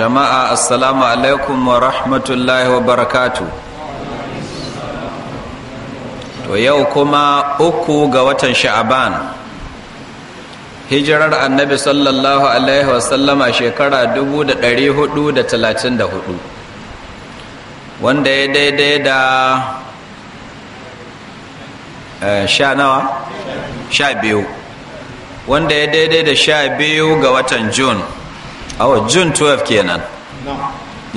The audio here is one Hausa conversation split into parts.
jama'a assalamu alaikum wa rahmatullahi wa barakatu to yau kuma uku ga watan sha'aban hijirar annabi sallallahu alaihi wasallama shekara 434 wanda ya daidai da eh, sha nawa sha biyu wanda ya daidai da sha biyu ga watan june awa oh, june 12 kenan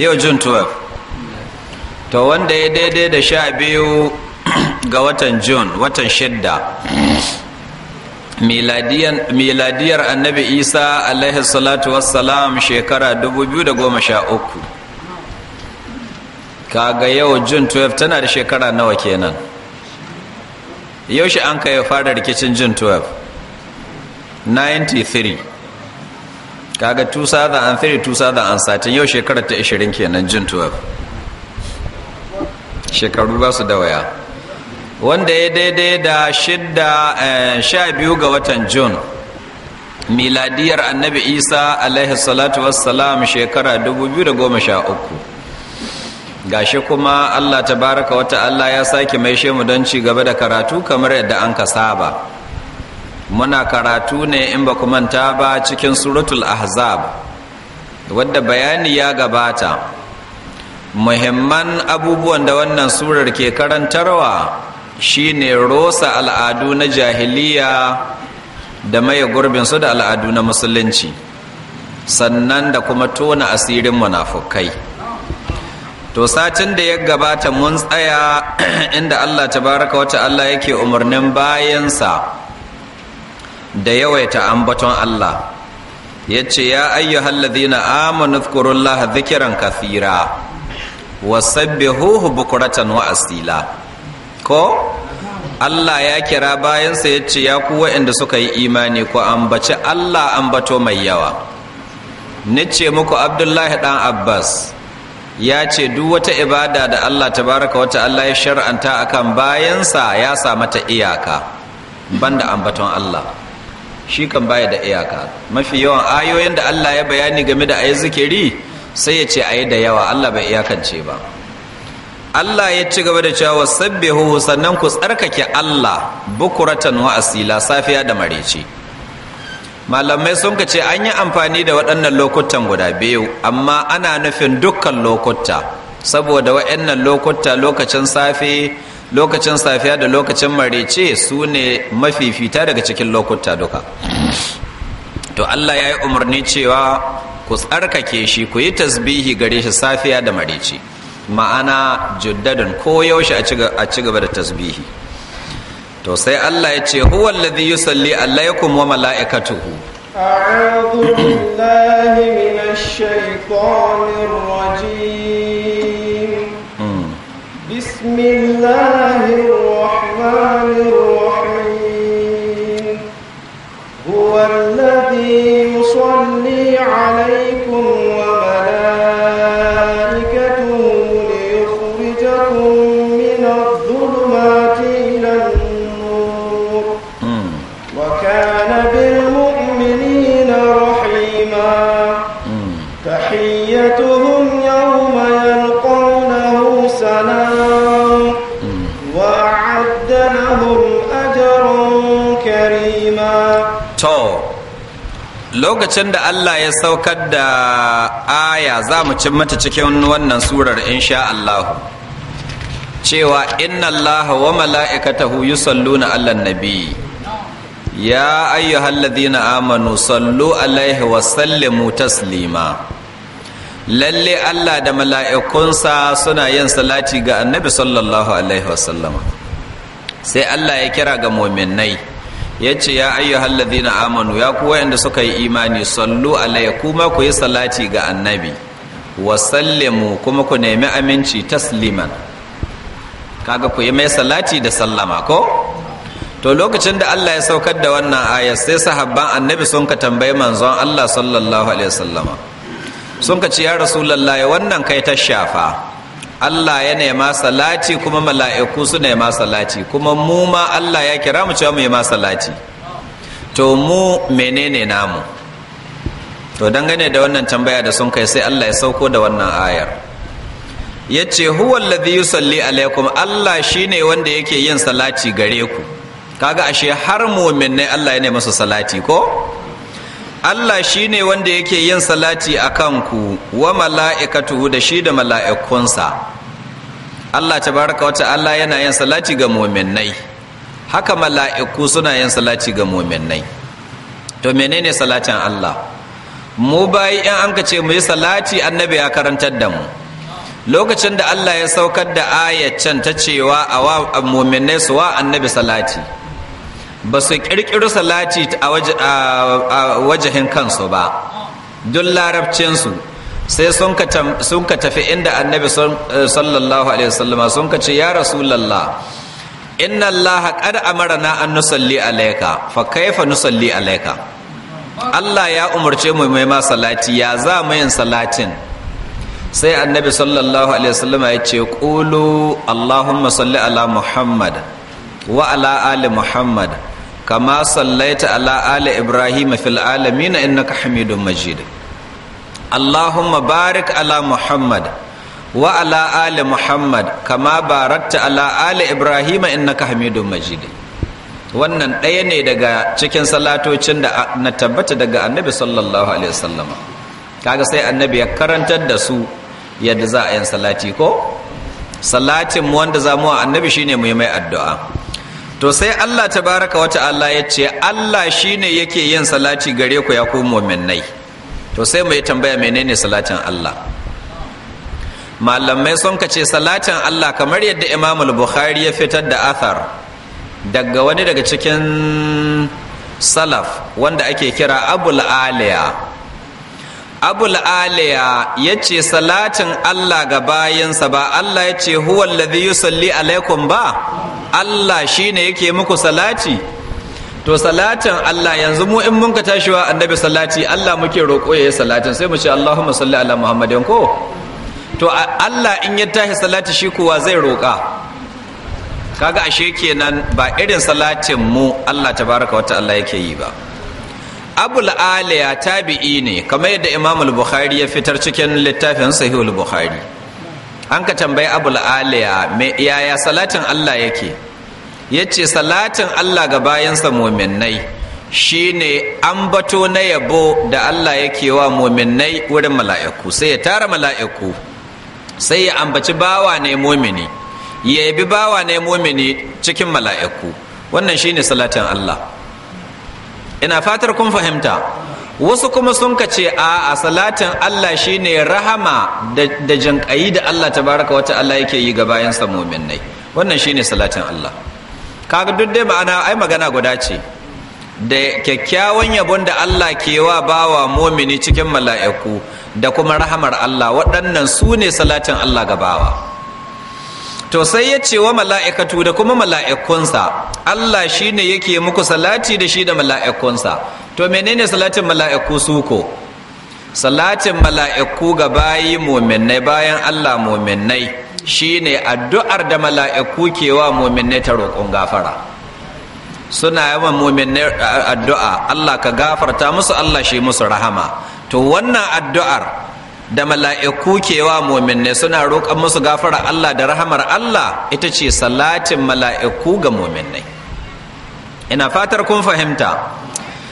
yau june 12 to wanda ya daidai da sha biyu ga watan june watan shidda miladiyar annabi isa alaihi salatu wassalam shekara 2013 kaga yau june 12 tana da shekara nawa kenan yaushe an ka fara rikicin june 12 93 kaga 2003 2017 yau shekarar ta 20 kenan jin 12 shekaru ba su da waya wanda ya daidai da shidda eh, sha biyu ga watan jun miladiyar annabi isa alaihi salatu wassalam shekara 2013 gashi kuma Allah ta baraka wata Allah ya sake mai shemu don ci gaba da karatu kamar yadda an ka saba muna karatu ne in ba ku manta ba cikin suratul ahzab wadda bayani ya gabata muhimman abubuwan da wannan surar ke karantarwa shine rosa al'adu na jahiliya da maye gurbin su da al'adu na musulunci sannan da kuma tona asirin munafukai to satin da ya gabata mun tsaya inda allah tabaraka wata allah yake umarnin bayansa da yawaita ambaton Allah ya ce ya halladina amanu zkurullaha zikiran kathira wasabbihuhu bukuratan wa asila ko Allah ya kira bayansa ya ce ya ku waɗanda suka yi imani ko ambaci Allah ambato mai yawa ni ce muku abdullahi dan abbas ya ce duk wata ibada da Allah ta tabaraka wata Allah ya shar'anta akan bayansa ya sa mata iyaka banda ambaton Allah shi kan baya da iyaka mafi yawan ayoyin da Allah ya bayani game da ayi zikiri sai ya ce ayi da yawa Allah bai iyakance ba Allah ya ci gaba da cewa sabbihu sannan ku tsarkake Allah bukuratan wa asila safiya da marece malamai sun ce an yi amfani da waɗannan lokutan guda biyu amma ana nufin dukkan lokuta saboda waɗannan lokuta lokacin safe lokacin safiya da lokacin marece su ne fita daga cikin lokuta duka to Allah ya yi umarni cewa ku tsarkake shi ku yi tasbihi gare shi safiya da marece ma'ana juddadin ko yaushe a ci gaba da tasbihi to sai Allah ya ce huwa allah ya kuma wa mala'ikatuhu أعوذ billahi minash shaitanir rajim بسم الله الرحمن الرحيم هو الذي يصلي عليه lokacin da Allah ya saukar da aya za mu cin mata cikin wannan surar insha Allah cewa inna Allah wa mala'ikatahu salluna allan nabi ya ayyu, ayyuhalladhina amanu sallu alaihi wa sallimu taslima lalle Allah da mala'ikunsa suna yin salati ga annabi sallallahu alaihi sallama sai Allah ya kira ga muminai ya ce ya ayyuhal na amanu ya ku wayanda suka yi imani sallu alayya kuma ku yi salati ga annabi wa sallimu kuma ku nemi aminci tasliman kaga ku yi mai salati da sallama ko to lokacin da Allah ya saukar da wannan ayar sai sahabban annabi sun ka tambayi manzon Allah sallallahu alaihi wasallama sun ka ce ya rasulullahi wannan kai ta shafa Allah ya nema salati kuma mala'iku su nema salati kuma mu ma Allah ya kira mu cewa mu ma salati to mu menene namu to dangane da wannan tambaya da sun kai sai Allah ya sauko da wannan ayar ya ce huwal ladhi yusalli alaikum Allah shine wanda yake yin salati gare ku kaga ashe har mu'min ne Allah ya nema masu salati ko Allah shi ne wanda yake yin salati a kanku wa tuhu da shi da mala'ikunsa Allah Ta baraka wata Allah yana yin salati ga muminai haka mala'iku suna yin salati ga muminai to menene salatin Allah mu bayi in an ka ce mu yi salati annabi ya karantar da mu lokacin da Allah ya saukar da ayyacin ta cewa a wa muminai su wa annabi salati ba su ƙirƙiri salati a wajahin kansu ba duk larabcinsu sai sun ka tafi inda annabi eh, sallallahu alaihi wasallama sun ka ce ya rasulallah inna allaha qad amarna an nusalli alayka fa kaifa nusalli alayka Allah ya umarce mu mai ma salati ya za mu yin salatin sai annabi sallallahu alaihi wasallama ya ce qulu allahumma salli ala muhammad wa ala ali muhammad kama sallaita ala ali ibrahim fil alamin Ka Hamidun majid allahumma barik ala muhammad wa ala muhammad kama barakta ala ali ibrahim innaka Hamidun majid wannan ɗaya ne daga cikin salatocin da na tabbata daga annabi sallallahu alaihi wasallama kaga sai annabi ya karantar da su yadda za a yin salati ko Salatinmu wanda za mu annabi ne mu yi mai addu'a to sai Allah baraka wata Allah ya ce Allah shi ne yake yin salati gare ku ya ku mu'minai to sai mu tambaya menene salatin Allah malamai sun kace salatin Allah kamar yadda Imam Bukhari ya fitar da athar daga wani daga cikin salaf wanda ake kira Abul Aliya abul aliya ya ce salatin allah ga bayansa ba allah ya ce huwa alladhi yusalli alaikum ba allah shine yake muku salati to salatin allah yanzu mu in munka ka tashiwa annabi salati allah muke roƙo ya yi salatin sai mu ce allahumma salli ala muhammadin ko to allah in ya tashi salati shi kuwa zai roƙa kaga ashe kenan ba irin salatin mu allah tabaraka wata allah yake yi ba Abul'aliya tabi'i ne kamar yadda imam bukhari ya fitar cikin littafin sahihul bukhari an ka tambayi Abul'aliya. mai yaya salatin allah yake ya ce salatin allah ga bayansa muminai shine ambato na yabo da allah yake wa muminai wurin mala'iku sai ya tara mala'iku sai ya ambaci bawa ne momini ya yabi bawa ne momini cikin mala'iku wannan shine salatin allah ina fatar kun fahimta wasu kuma sun ka ce a salatin Allah shine rahama da jinƙayi da Allah ta tabaraka wata Allah yake yi ga bayan sa mu'minai wannan shine salatin Allah kaga duk dai ma'ana ai magana guda ce da kyakkyawan yabon da Allah ke wa bawa momini cikin mala'iku da kuma rahamar Allah waɗannan su ne salatin Allah ga bawa to sai ya ce wa mala'ikatu da kuma mala'ikunsa Allah shi ne yake muku salati da shi da mala'ikunsa to menene salatin mala'iku suko salatin mala'iku ga bayi muminai bayan Allah muminai shi ne addu'ar da mala'iku ke wa muminai ta roƙon gafara suna yawan muminai addu'a Allah ka gafarta musu Allah shi musu rahama to wannan addu'ar da mala'iku kewa muminne suna roƙon musu gafara Allah da rahamar Allah ita ce salatin mala'iku ga muminne ina fatar kun fahimta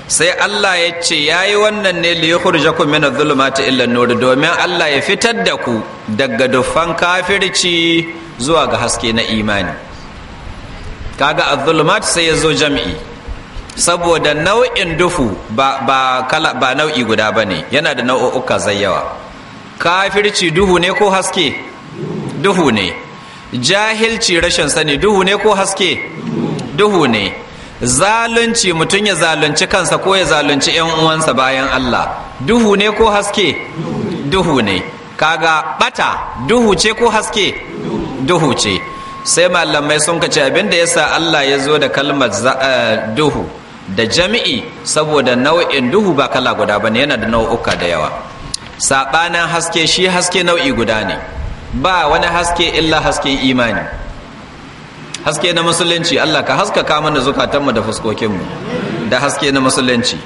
sai Allah ya ce ya yi wannan ne li yukhrijakum mina adh ta illa nuri domin Allah ya fitar da ku daga dufan kafirci zuwa ga haske na imani kaga a dhulumat sai ya zo jam'i saboda nau'in dufu ba, ba nau'i guda ba ne yana da nau'uka zai yawa kafirci duhu ne ko haske duhu ne jahilci rashin sani duhu ne ko haske duhu ne zalunci mutum ya zalunci kansa ko ya zalunci 'yan uwansa bayan Allah duhu ne ko haske duhu ne kaga bata duhu ce ko haske duhu ce sai malamai sun kace abinda yasa Allah ya zo da kalmar eh, duhu da jami'i saboda nau'in duhu ba kala guda bane yana da nau'uka da yawa saɓanin haske shi haske nau'i guda ne ba wani haske illa hasken imani haske na musulunci Allah ka haskaka mana zukatanmu da fuskokinmu da haske na musulunci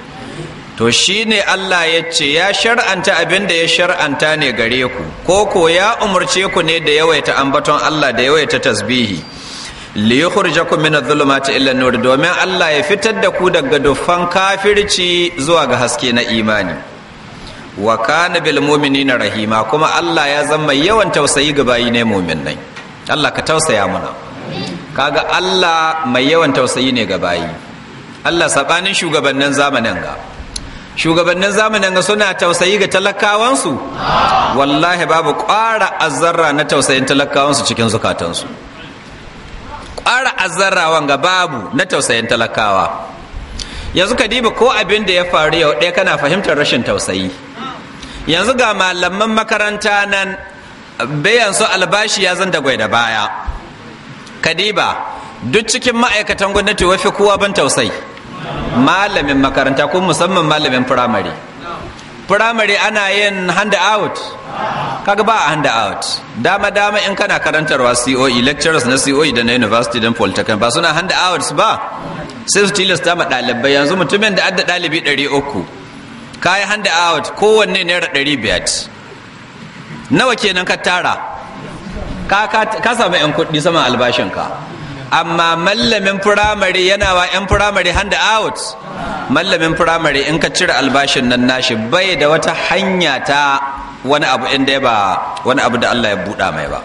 to shi ne Allah ya ce ya shar'anta abin da ya shar'anta ne gare ku ko ko ya umarce ku ne da yawaita ambaton Allah da yawaita tasbihi li yukhrijakum min adh-dhulumati ila an-nur domin Allah ya fitar da ku daga dufan kafirci zuwa ga haske na imani wa kana bil mu'minina rahima kuma Allah ya zama yawan tausayi ga bayi ne mu'minai Allah ka tausaya mana kaga Allah mai yawan tausayi ne ga bayi Allah sabanin shugabannin zamanin ga shugabannin zamanin ga suna tausayi ga talakawansu wallahi babu ƙwara azzarra na tausayin talakawansu cikin su ƙwara azzarra wanga babu na tausayin talakawa yanzu ka diba ko abin da ya faru yau ɗaya kana fahimtar rashin tausayi yanzu ga malaman makaranta nan bayan su albashi ya zan da gwai da baya kadiba duk cikin ma'aikatan gwamnati wafi kowa ban tausai malamin makaranta ko musamman malamin firamare firamare ana yin hand out kaga ba a hand out dama dama in kana karantarwa coe lecturers na coe da na university don polytechnic ba suna hand out ba sai su tilasta ma ɗalibai yanzu mutumin da adda ɗalibi 300 ka yi hand out kowanne naira ɗari biyar nawa kenan ka tara ka samu 'yan kuɗi saman albashinka amma mallamin firamare yana wa 'yan firamare hand out mallamin firamare in ka cire albashin nan nashi bai da wata hanya ta wani abu inda ba wani abu da Allah ya buɗa mai ba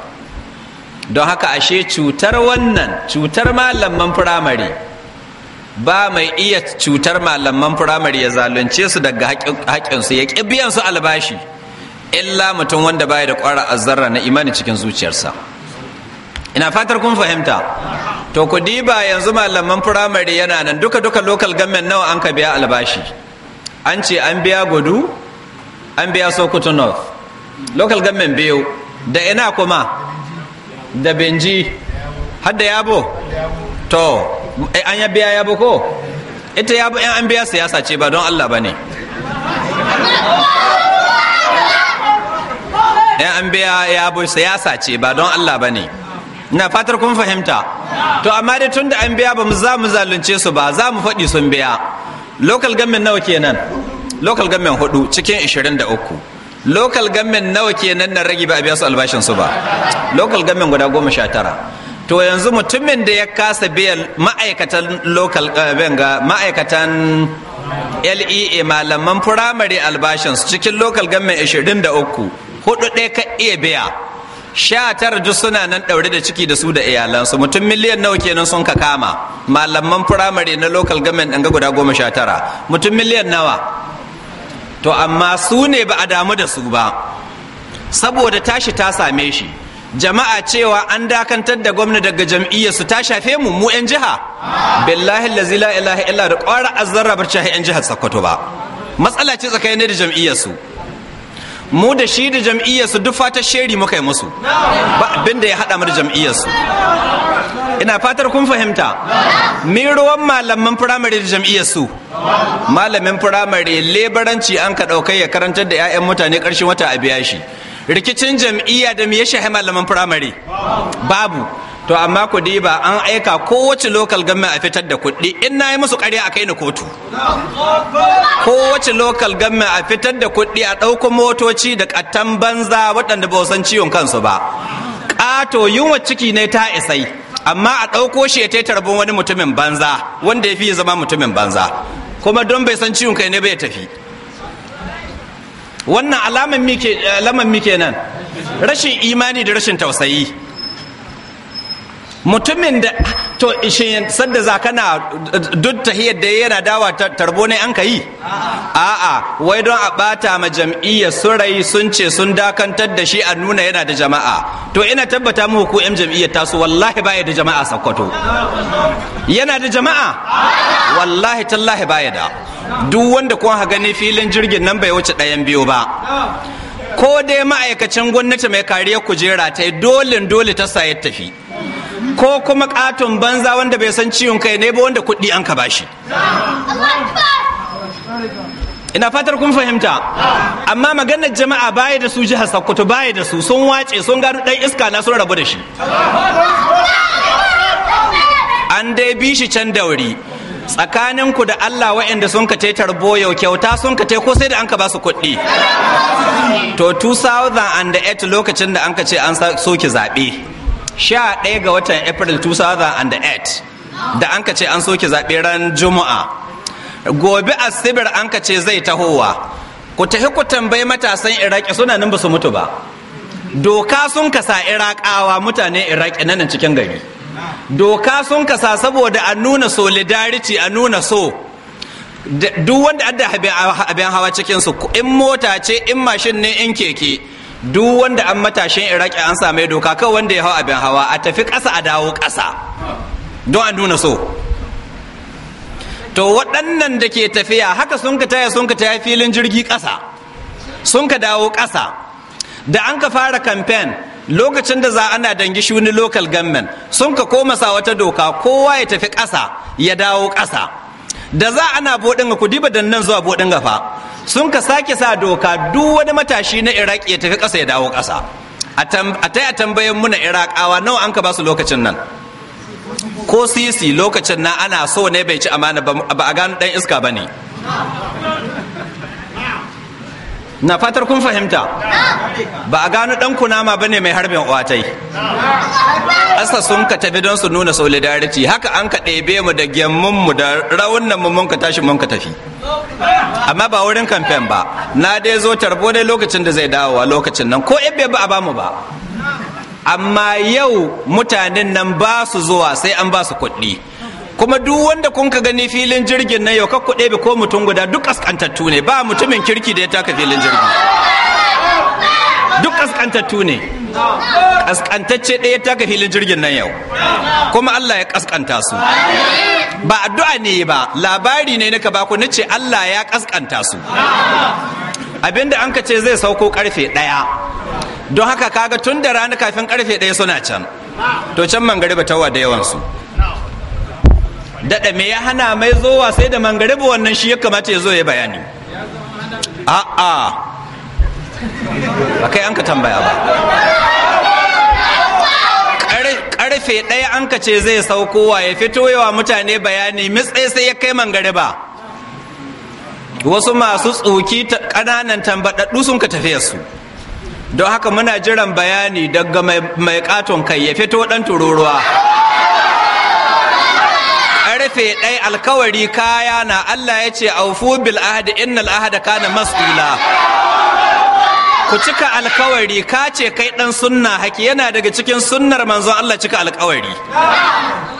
don haka ashe cutar wannan cutar malaman firamare ba mai iya cutar malaman firamare ya zalunce su daga haƙƙinsu ya ƙi biyan su albashi illa mutum wanda baya da ƙwara azzarra na imani cikin zuciyarsa ina fatar kun fahimta to ku diba yanzu malaman firamare yana nan duka duka local government nawa an ka biya albashi an ce an biya gudu an biya sokoto north local government biyu da ina kuma da benji har yabo to Eh, an ya biya ya ko ita ya an biya siyasa ce ba don Allah ba ne an biya ya bu siyasa ce ba don Allah ba ne na fatar kun fahimta to amma dai tun da an biya ba mu za mu zalunce su ba za mu faɗi sun biya local government nawa kenan local government hudu cikin 23 local government nawa kenan na rage ba a biya su albashin su ba local government guda goma sha tara to yanzu mutumin da ya kasa biyan ma'aikatan local eh, benga ma'aikatan lea malaman firamare albashins cikin local government 23 hudu ɗaya ka iya biya sha tara duk suna nan ɗaure da ciki da su da iyalansu mutum miliyan nawa kenan sun ka kama malaman firamare na local government ɗanga guda goma sha tara mutum miliyan nawa to amma su ne ba a damu da su ba saboda tashi ta same shi jama'a cewa an dakantar da gwamna daga jam'iyyar su ta shafe mu mu yan jiha billahi allazi la ilaha illa da qara azzarra bar yan jihar sakkwato ba matsala ce tsakanin da jam'iyyar su mu da shi da jam'iyyar su duk fatar sheri muka yi musu ba abin da ya hada mu da jam'iyyar su ina fatar kun fahimta mi ruwan malaman firamare da jam'iyyar su malamin firamare lebaranci an ka ɗaukai ya karantar da 'ya'yan mutane karshen wata a biya shi rikicin jam'iyya da me ya shahi malaman firamare babu to amma ku ba an aika kowace local government a fitar da kuɗi in na yi musu ƙarya a kai ni kotu kowace local government a fitar da kuɗi a ɗauko motoci da ƙattan banza waɗanda ba san ciwon kansu ba ƙato yunwa ciki ne ta isai amma a ɗauko shi ya tarbin wani mutumin banza wanda ya fi zama mutumin banza kuma don bai san ciwon kai ne bai tafi wannan alamar mike rashin imani da rashin tausayi mutumin da to shin sadda za kana duk tahiyar da yana dawa tarbo ne an ka a'a wai don a bata ma jam'iyya surai sun ce sun dakantar da shi a nuna yana da jama'a to ina tabbata muku ku yan jam'iyyar tasu wallahi baya da jama'a sakkwato yana da jama'a wallahi tallahi baya da duk wanda kun ha gani filin jirgin nan bai wuce ɗayan biyu ba ko dai ma'aikacin gwamnati mai kariyar kujera ta yi dole dole ta sayar tafi ko kuma katon banza wanda bai san ciwon kai ne ba wanda kuɗi an ka bashi ina fatar kun fahimta amma maganar jama'a baya da su jihar sokoto baya da su sun wace sun gano ɗan iska na sun rabu da shi an dai bi shi can dauri ku da Allah waɗanda sun ka tarbo kyauta sun ka ko sai da an ka ba su kuɗi to 2008 lokacin da an ka ce an soke zaɓe sha ɗaya ga watan april 2008 da an ka ce an soke zaɓe ran juma'a gobe asibir an ka ce zai tahowa ku tafi ku tambayi matasan iraki suna nan ba su mutu ba doka sun kasa irakawa mutane iraki nan cikin gari doka sun kasa saboda a nuna solidarity a nuna so duk wanda adda abin hawa cikinsu in mota ce in mashin ne in keke duk wanda an matashin iraki an same doka kawai wanda ya hau abin hawa a tafi ƙasa a dawo ƙasa don a nuna so to waɗannan da ke tafiya haka sun ka taya sun ka taya filin jirgi ƙasa sun ka dawo ƙasa da an ka fara kamfen lokacin da za ana dangi shuni local government sun ka koma sa wata doka kowa ya tafi ƙasa ya dawo ƙasa da za ana boɗin ku diba da nan zuwa ga fa sun ka sake sa doka duk wani matashi na iraq ya tafi ƙasa ya dawo ƙasa a ta mu tambayin muna iraqawa nawa an ka ba su lokacin nan ko sisi lokacin nan ana so ne bai ci amana ba a gano dan iska ba ne na fatar kun fahimta ba a gano ɗan kunama ne mai harbin watai asa sun ka tafi don su nuna solidarity haka an ka ɗebe mu da gemun mu da raunan mu mun ka tashi mun ka tafi amma ba wurin kamfen ba na dai zo tarbo dai lokacin da zai dawowa lokacin nan ko ibe ba a ba mu ba amma yau mutanen nan ba su zuwa sai an ba su kuɗi kuma duk wanda kun ka gani filin jirgin na yau ka ku ɗebe ko mutum guda duk ƙasƙantattu ne ba mutumin kirki da ya taka filin jirgin duk ƙasƙantattu ne kaskantacce ɗaya taka filin jirgin nan yau kuma Allah ya kaskanta su ba addu'a ne ba labari ne naka ba ku nace Allah ya kaskanta su abinda an ka ce zai sauko karfe ɗaya don haka kaga tun da rana kafin karfe ɗaya suna can to can mangariba tawa da yawansu daɗa me ya hana mai zowa sai da mangariba wannan shi ya kamata ya zo ya bayani a'a ba kai an ka tambaya ba karfe ɗaya an ka ce zai saukowa ya fito yawa mutane bayani mitsai sai ya kai mangariba wasu masu tsoki ƙananan tambaɗaɗɗu sun ka tafiya su don haka muna jiran bayani daga mai katon kai ya fito ɗan tururuwa karfe ɗai alkawari kaya na Allah ya ce aufu bil ahadi innal ahada kana mas'ula ku cika alkawari ka ce kai ɗan sunna haki yana daga cikin sunnar manzon Allah cika alkawari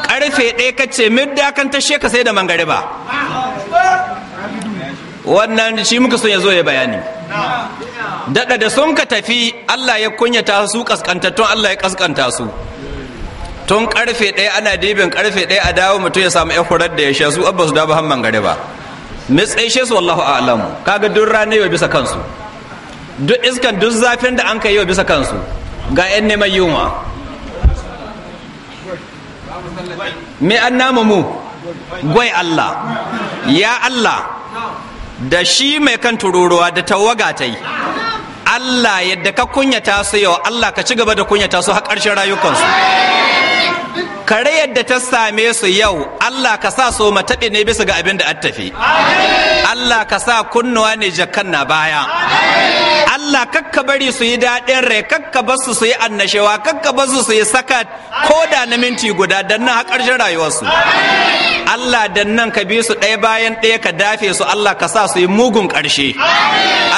karfe ɗaya ka ce midda kan tashe ka sai da mangariba wannan shi muka son ya zo ya bayani daɗa da sun ka tafi Allah ya kunyata su kaskantattun Allah ya kaskanta su tun karfe ɗaya ana dibin karfe ɗaya a dawo mutum ya samu yan hurar da ya sha su abba su da ba hamman gare ba shi su wallahu a'lamu kaga duk rana yau bisa kansu duk iskan duk zafin da an kai yau bisa kansu ga yan neman yunwa me an namu mu gwai Allah ya Allah da shi mai kan tururuwa da tawaga ta yi Allah yadda ka kunyata su yau Allah ka ci gaba da kunyata su har ƙarshen rayukansu kare yadda ta same su yau Allah ka sa so mataɓe ne bisa ga abin da an tafi Allah ka sa kunnuwa ne jakan na baya Allah kakka bari su yi daɗin rai kakka basu su su yi annashewa kakka basu su yi sakat ko da na minti guda don nan haƙar ƙarshen rayuwarsu Allah da nan ka bi su ɗaya bayan ɗaya ka dafe su Allah ka sa su yi mugun ƙarshe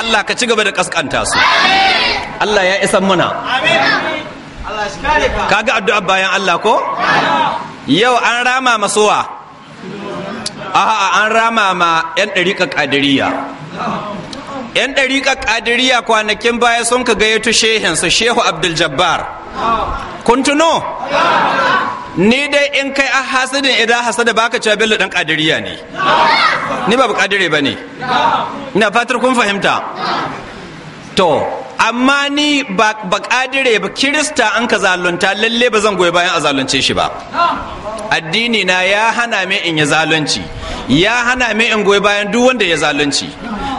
Allah ka ci gaba da ƙasƙanta su Allah ya isan muna kaga addu'a bayan Allah ko yau an rama masowa a'a an rama ma yan dariƙa kadiriya. yan dariƙa kadiriya kwanakin baya sun ka gayyato shehin su shehu abdul jabbar kun tuno ni dai in kai a hasidin idan hasada baka cewa bello dan kadiriya ne ni ba kadire ba ne ina fatar kun fahimta to amma ni ba kadire ba kirista an ka zalunta lalle ba zan goyi bayan a zalunce shi ba addini na ya hana mai in ya zalunci ya hana min in goyi bayan duk wanda ya zalunci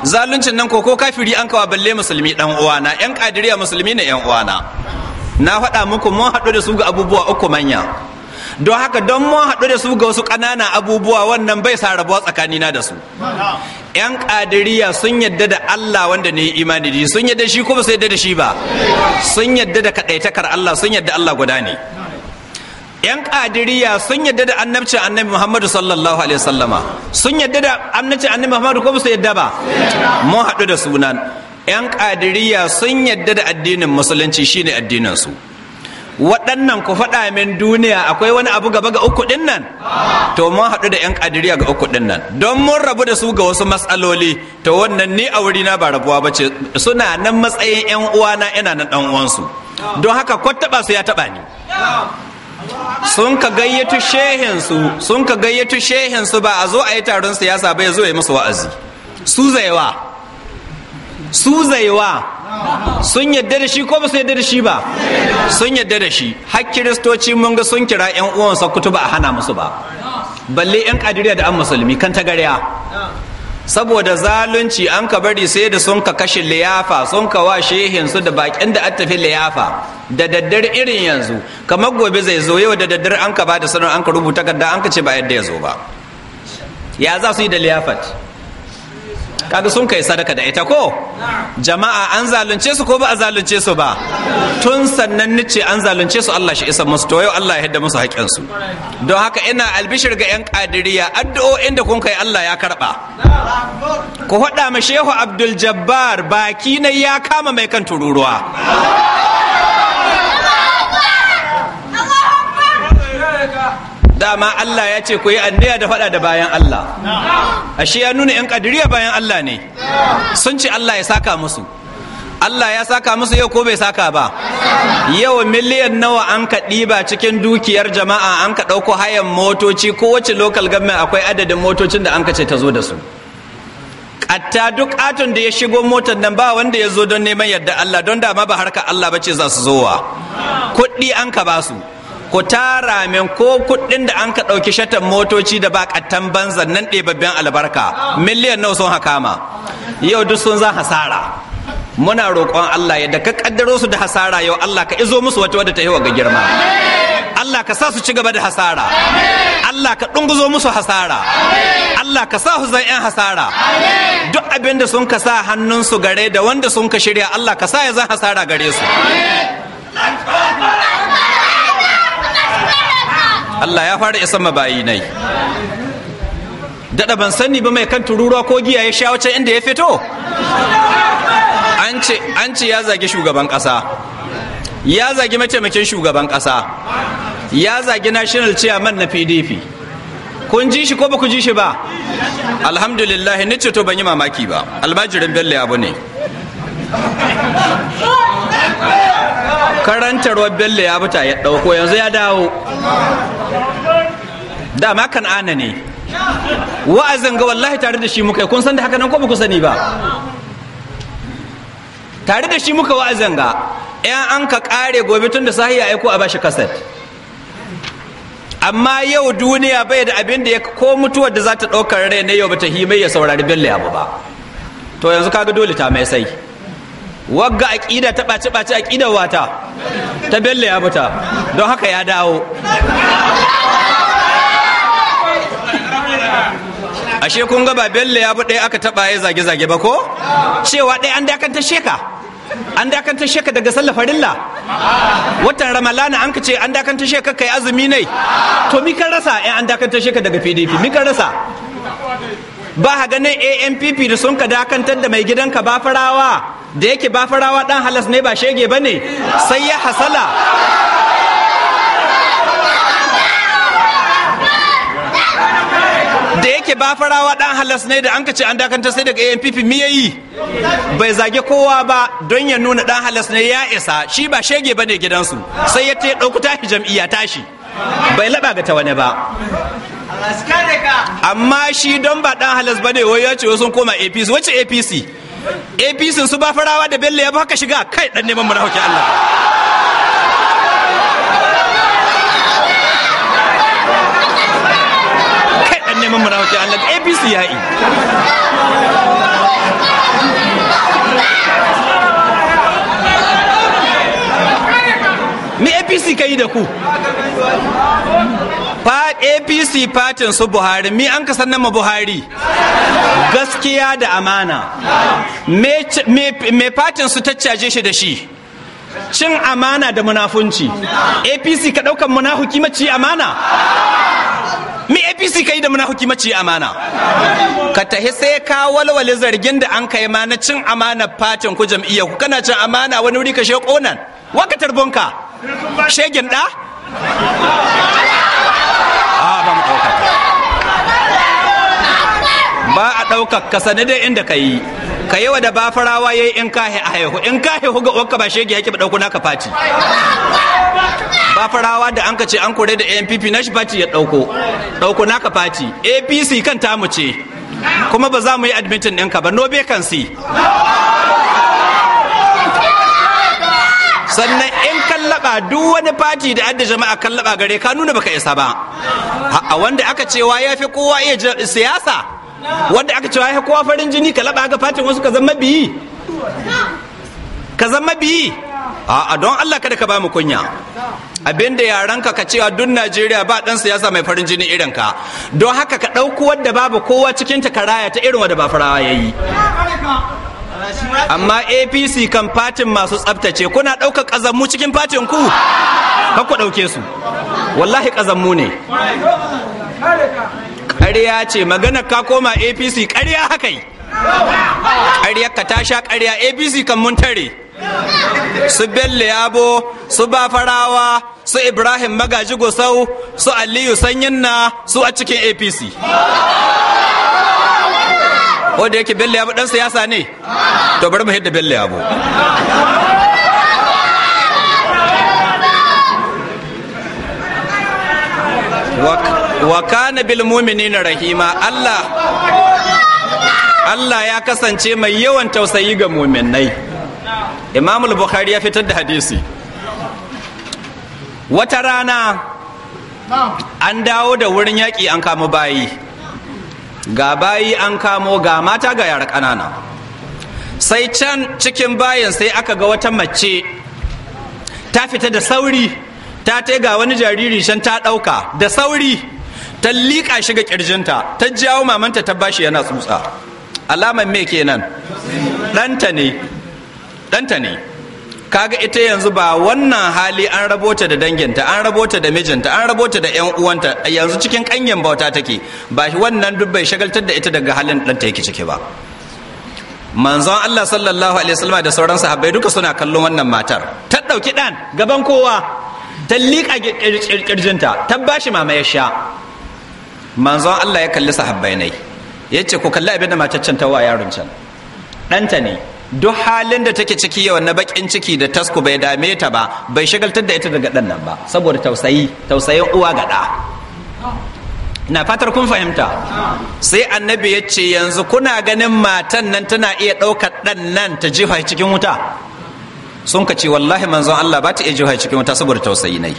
zaluncin nan ko ko kafiri an kawa balle musulmi dan uwana yan kadiriya musulmi ne yan uwana na faɗa muku mun haɗu da su ga abubuwa uku manya don haka don mun haɗu da su ga wasu ƙananan abubuwa wannan bai sa rabuwa tsakanina da su yan ƙadiriya sun yadda da Allah wanda ne imani da sun yadda shi kuma sai yadda da shi ba sun yadda da kaɗaitakar Allah sun yadda Allah guda ne yan ƙadiriya sun yadda da annabci annabi Muhammadu sallallahu alaihi wasallama sun yadda da annabci annabi Muhammadu kuma sai yadda ba mun haɗu da sunan yan ƙadiriya sun yadda da addinin musulunci shine addinin su waɗannan ku faɗa min duniya akwai wani abu gaba ga uku ɗin nan to mun haɗu da 'yan ƙadiriya ga uku ɗin nan don mun rabu da su ga wasu matsaloli to wannan ni a wurina ba rabuwa ba ce suna nan matsayin 'yan uwana ina na ɗan uwansu don haka ko taɓa su ya taɓa ni sun ka gayyato shehinsu sun ka shehin shehinsu ba a zo a yi taron siyasa ba ya zo ya musu wa'azi su zaiwa su zaiwa sun yadda da shi ko ba su yadda da shi ba sun yadda da shi har kiristoci mun ga sun kira yan uwansa ba a hana musu ba balle yan kadiriya da an musulmi kan tagarya saboda zalunci an ka bari sai da sun ka kashe liyafa sun ka wa shehin su da bakin da an tafi liyafa da daddare irin yanzu kamar gobe zai zo yau da daddare an ka ba da sanar an ka rubuta kadda an ka ce ba yadda ya zo ba ya za su yi da liyafat kada sun kai sadaka da ita ko jama'a an zalunce su ko ba a zalunce su ba tun sannan nice an zalunce su Allah shi isa musu to yau Allah ya hidda musu haƙƙin su don haka ina albishir ga yan kadiriya addu'o'in da kun kai Allah ya karba ku haɗa ma Shehu Abdul Jabbar baki na ya kama mai kan tururuwa dama Allah ya ce ku yi annaya da faɗa da bayan Allah ashe ya nuna yan kadiriya bayan Allah ne sun ci Allah ya saka musu Allah ya saka musu yau ko bai saka ba yau miliyan nawa an ka ba cikin dukiyar jama'a an ka ɗauko hayan motoci kowace lokal government akwai adadin motocin da an ka ce ta zo da su ƙatta duk aton da ya shigo motar nan ba wanda ya zo don neman yadda Allah don dama ba harka Allah ba ce za su zowa kuɗi an ka ba su ku tara min ko kuɗin da an ka ɗauki shatan motoci da ba ƙattan nan ɗebabben albarka miliyan nawa sun hakama yau duk sun za hasara muna roƙon Allah yadda ka ƙaddaro su da hasara yau Allah ka izo musu wata wadda ta yi wa ga girma Allah ka sa su ci gaba da hasara Allah ka ɗunguzo musu hasara Allah ka sa su zan 'yan hasara duk abin da sun ka sa hannunsu gare da wanda sun ka shirya Allah ka sa ya zan hasara gare su Allah ya fara isa mabayi nai daɗa ban sani ba mai kan tururuwa ko giya ya sha wacce inda ya fito an ce ya zagi shugaban ƙasa ya zagi mataimakin shugaban ƙasa ya zagi national chairman na pdp kun ji shi ko ba ku ji shi ba alhamdulillah ni ce to ban yi mamaki ba almajirin bello abu ne karantarwar bello ya fita ya dauko yanzu ya dawo dama ana ne wa'azin ga wallahi tare da shi muka kun san da haka nan ko ba ku sani ba tare da shi muka wa'azin ga yan an ka kare gobe tun da sahiya aiko a bashi kaset amma yau duniya bai da abin da ya ko mutuwar da za ta ɗaukar rai na yau ba ta himai ya saurari bello ya ba to yanzu kaga dole ta mai sai wagga aƙida ta ɓace-ɓace ɓaci aƙidar wata ta bello ya buta don haka ya dawo ashe kun ga ba bello ya bu ɗaya aka taɓa ya zage-zage ba ko cewa ɗaya an dakanta sheka an dakanta sheka daga sallah farilla watan ramalana an ka an dakanta sheka kai azumi ne to mi kan rasa eh, an dakanta sheka daga pdp mi kan rasa ba ha ganin ampp da sun ka dakantar da mai gidanka ba farawa da yake ba farawa dan halas ne ba shege ba ne sai ya hasala da yake ba farawa dan halas ne da an ce an dakanta sai daga ampp mi yayi bai zage kowa ba don ya nuna dan halas ne ya isa shi ba shege ba ne gidansu sai ya ɗauki tashi jam'iyya tashi bai laba ga ta wani ba amma shi don ba dan halas ba ne wai ya ce sun koma apc wace apc apc su ba farawa da bello ya ba haka shiga kai dan neman mu allah kai dan neman mu na allah apc ya yi me apc ka yi da ku apc fatin su buhari mi an ka sannan ma buhari gaskiya da amana me fatin su ta caje shi da shi cin amana da munafunci apc ka ɗaukan munafuki maci amana mi apc ka yi da munafuki maci amana ka tahi sai ka walwale zargin da an kai ma na cin amana fatin ku jam'iyyar ku kana cin amana wani wuri ka she konan waka tarbonka shegen ɗa ba a ɗaukar ka sani dai inda ka yi ka yi wa da ba farawa ya yi in ka a haihu in ka haihu ga uwarka ba shege yake ba ɗauko naka fati ba farawa da an ka ce an kore da ampp na shi fati ya ɗauko ɗauko naka fati apc kan tamu ce kuma ba za mu yi admitin ɗinka ba no vacancy sannan in kallaba duk wani fati da adda jama'a kallaba gare ka nuna baka isa ba a wanda aka cewa ya fi kowa iya siyasa wanda aka cewa ya kowa farin jini ka laɓa ga fatin wasu ka zama biyi ka zama biyi a don Allah kada ka ba mu kunya abinda yaran ka ka cewa duk Najeriya ba dan siyasa mai farin jini irin ka don haka ka ɗauko wadda babu kowa cikin ta karaya ta irin wadda ba farawa yayi amma APC kan fatin masu tsaftace kuna ɗaukar ƙazammu cikin fatin ku ka ku ɗauke su wallahi ƙazammu ne ƙarya ce magana ka koma apc ƙarya haka yi ƙarya ka ta sha ƙarya apc kan mun tare su bello yabo su farawa su ibrahim magaji Gosau su aliyu sanyinna su a cikin apc da yake bello yabo ɗan siyasa ne to bari mu hidda bello yabo Welcome. wa kana bil mu'minina rahima Allah Allah ya kasance mai yawan tausayi ga mu'minai Imam al-Bukhari ya fitar da hadisi wata rana an dawo da wurin yaƙi an kamo bayi ga bayi an kamo ga mata ga yara ƙanana sai can cikin bayan sai aka ga wata mace ta fita da sauri ta ta ga wani jariri shan ta ɗauka da sauri ta liƙa shi ga ƙirjinta ta jawo mamanta ta bashi yana tsutsa alamar me kenan ɗanta ne ɗanta ne kaga ita yanzu ba wannan hali an rabota da danginta an rabota da mijinta an rabota da yan uwanta yanzu cikin kanyen bauta take ba wannan duk bai shagaltar da ita daga halin ɗanta yake ciki ba manzon Allah sallallahu alaihi wasallam da sauran sahabbai duka suna kallon wannan matar ta ɗauki ɗan gaban kowa ta liƙa ƙirjinta ta bashi mama ya sha manzon Allah ya kalli sahabbai Ya ce ku kalli abin da mataccen ta wa yaron can ɗanta ne duk halin da take ciki yau na bakin ciki da tasku bai dame ta ba bai shagaltar da ita daga ɗan nan ba saboda tausayi tausayin uwa ga ɗa na fatar kun fahimta sai annabi ya ce yanzu kuna ganin matan nan tana iya ɗaukar ɗan nan ta jiha cikin wuta sun ka ce wallahi manzon Allah ba ta iya jiha cikin wuta saboda tausayi nai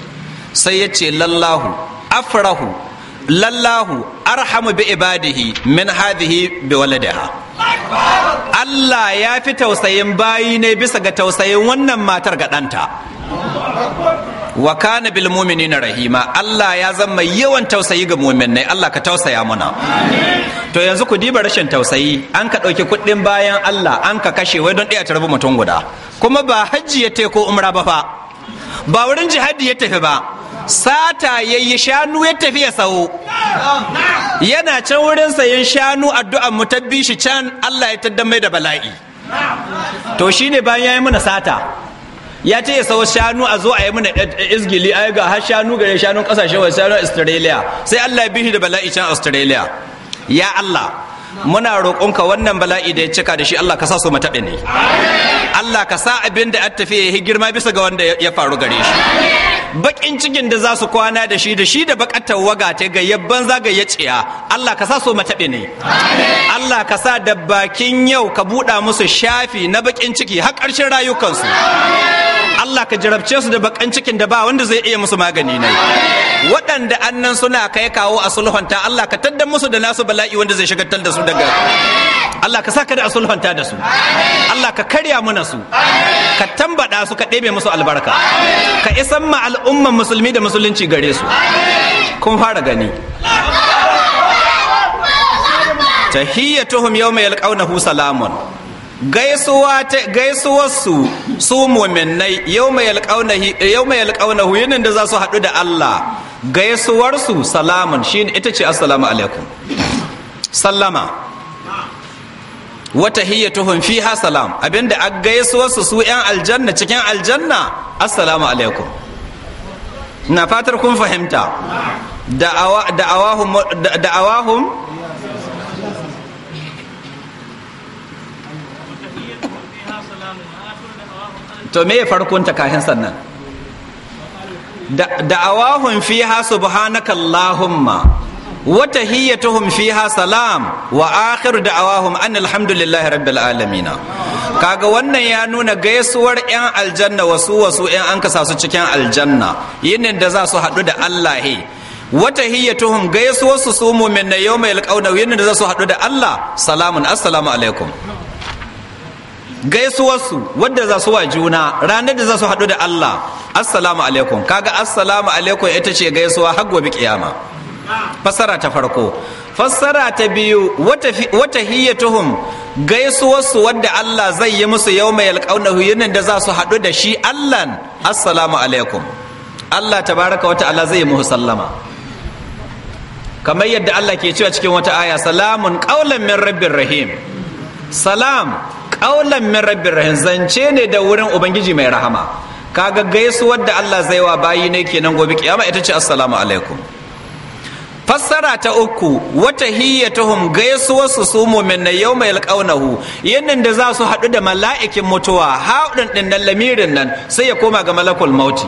sai ya ce lallahu afrahu lallahu arhamu bi ibadihi min hadhihi bi waladiha Allah ya fi tausayin bayi ne bisa ga tausayin wannan matar ga ɗanta wa kana bil mu'minina rahima Allah ya zama yawan tausayi ga mu'minai Allah ka tausaya mana to yanzu ku diba rashin tausayi an ka ɗauki kuɗin bayan Allah an ka kashe wai don ɗaya tarbi mutum guda kuma ba hajji ya teko umra ba fa ba wurin jihadi ya tafi ba sata ya yi shanu ya tafi ya sawo yana can wurin sayan shanu addu'an mu tabbi shi can Allah ya taddan mai da bala'i to shi ne bayan ya yi mana sata ya ce ya sau shanu a zo a yi mana izgili a ga har shanu gare shanun kasashen wasu shanu australia sai allah ya shi da bala'i can australia ya allah muna roƙonka wannan bala'i da ya cika da shi Allah ka sa su taɓe ne Allah ka sa abin da an tafi ya girma bisa ga wanda ya faru gare shi bakin cikin da za su kwana da shi da shi da bakatar waga ta ga yabban zaga ya tsiya Allah ka sa su taɓe ne Allah ka sa da bakin yau ka buɗa musu shafi na bakin ciki har ƙarshen rayukansu Allah ka jarabce su da bakin cikin da ba wanda zai iya musu magani ne waɗanda annan suna kai kawo a sulhunta Allah ka taddan musu da nasu bala'i wanda zai shigar da su daga Allah ka saka da a sulhanta da su Allah ka karya mana su ka tambada su ka ɗebe musu albarka ka isan ma al'umman musulmi da musulunci gare su kun fara gani tahiyyatuhum yawma yalqawnahu salamun gaisuwa ta gaisuwarsu su mu'minnai yawma yalqawnahu yawma yalqawnahu yinin da za su haɗu da Allah gaisuwarsu salamun shine ita ce assalamu alaikum sallama wata hiyyatuhum fiha salam abinda a gaisuwar su su yan aljanna cikin aljanna assalamu alaikum na fatar kun fahimta da'awahum to me ya farkonta kahin sannan da'awahum fiha subhanakallahumma wa tahiyyatuhum fiha salam wa akhiru da'awahum an alhamdulillahi rabbil alamin kaga wannan ya nuna gaisuwar yan aljanna wasu wasu yan an kasa su cikin aljanna yinin da za su haɗu da Allah wa tahiyyatuhum gaisuwar su su mu'min na mai yalqawna yinin da za su haɗu da Allah salamun assalamu alaikum gaisuwarsu wadda za su wa juna ranar da za su haɗu da Allah assalamu alaikum kaga assalamu alaikum ita ce gaisuwa har gobe kiyama fassara ta farko fassara ta biyu wata tuhum gaisuwarsu wadda Allah zai yi musu yau mai alƙaunahu yunin da za su haɗu da shi Allah assalamu alaikum Allah ta baraka wata Allah zai yi muhu sallama kamar yadda Allah ke cewa cikin wata aya salamun ƙaunar min rabbin rahim salam ƙaunar min rabbin rahim zance ne da wurin ubangiji mai rahama kaga gaisuwar da Allah zai wa bayi ne kenan gobe kiyama ita ce assalamu alaikum fassara ta uku wata tuhum, gaisuwarsu su yau mai alƙaunahu yadda da za su haɗu da mala'ikin mutuwa haɗin ɗin nan lamirin nan sai ya koma ga malakul mauti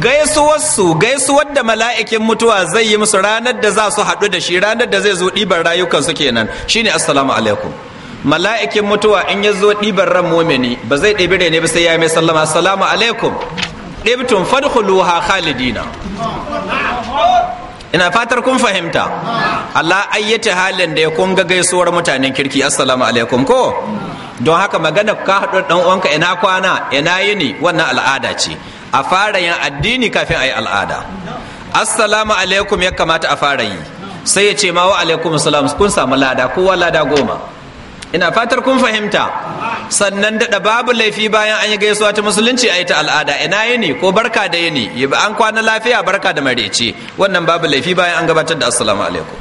gaisuwarsu gaisuwar da mala'ikin mutuwa zai yi musu ranar da za su haɗu da shi ranar da zai zo ɗiban rayukansu kenan shine assalamu alaikum mala'ikin mutuwa in ya zo ɗiban ran mumini ba zai ɗebi ne ba sai ya mai sallama assalamu alaikum ɗibtun fadkhuluha khalidina ina fatar kun fahimta Allah ayyata halin da ya kun ga gaisuwar mutanen kirki assalamu alaikum ko don haka magana ka haɗu dan uwanka ina kwana ina yini wannan al'ada ce a fara yin addini kafin a yi al'ada assalamu alaikum ya kamata a fara yi sai ya ce ma wa alaikum salam kun samu lada kowa lada goma ina fatar kun fahimta sannan daɗa babu laifi bayan an yi gaisuwa ta musulunci a yi ta al'ada ina yi ne ko barka da ne yi ba an kwana lafiya barka da marece wannan babu laifi bayan an gabatar da assalamu alaikum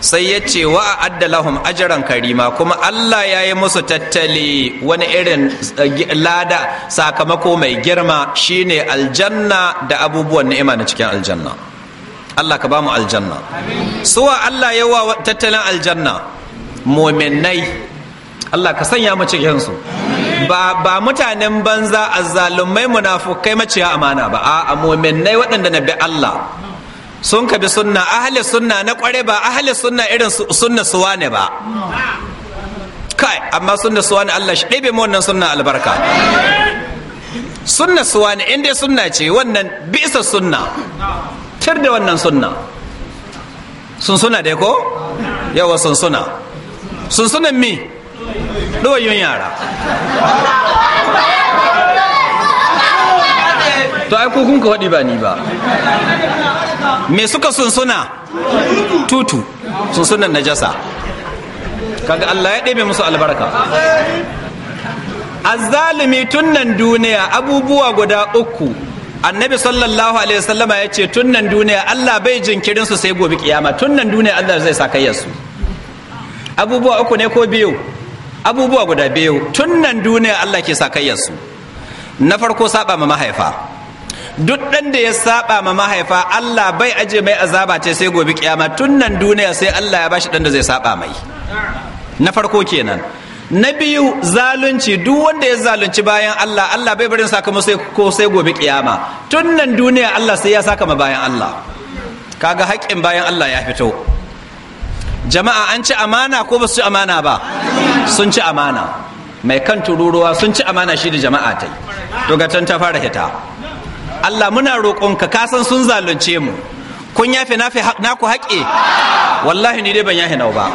sai ya ce wa a addalahum ajaran karima kuma Allah ya yi musu tattali wani irin eh, lada sakamako mai girma shine aljanna da abubuwan ni'ima na cikin aljanna Allah ka ba mu aljanna suwa Allah yawa tattalin aljanna mominai Allah ka sanya mu cikin su ba ba mutanen banza azzalumai munafukai maciya amana ba a mu'minnai waɗanda na bi Allah sun ka bi sunna ahli sunna na kware ba ahli sunna irin sunna suwa ne ba kai amma sunna suwa ne Allah shi ɗebe mu wannan sunna albarka sunna suwa ne inda sunna ce wannan bisa sunna tir da wannan sunna sun suna dai ko yawa sun suna sun sunan mi ɗoyin yara to ai waɗi ba ni ba me suka sunsuna tutu sunsunan Allah ya musu albarka azzalimi tunnan duniya abubuwa guda uku annabi sallallahu alaihi wasallama ya ce tunnan duniya Allah bai jinkirin su sai gobe kiyama tunnan duniya Allah zai sa kayyar su abubuwa uku ne ko biyu abubuwa guda biyu tun nan duniya Allah ke sa kayyarsu na farko saba ma mahaifa duk ɗan da ya saba ma mahaifa Allah bai aje mai azaba ce sai gobe kiyama tun nan duniya sai Allah ya bashi ɗan da zai saba mai na farko kenan na biyu zalunci duk wanda ya zalunci bayan Allah Allah bai barin ko sai gobe kiyama tun nan duniya Allah sai ya saka ma bayan Allah kaga haƙƙin bayan Allah ya fito jama'a an ci amana ko ba su ci amana ba sun ci amana mai kan tururuwa sun ci amana shi da jama'a ta yi dogaton ta fara hita Allah muna roƙonka ka san sun zalunce mu kun yafe na ku haƙe wallahi ni dai ban ya nau ba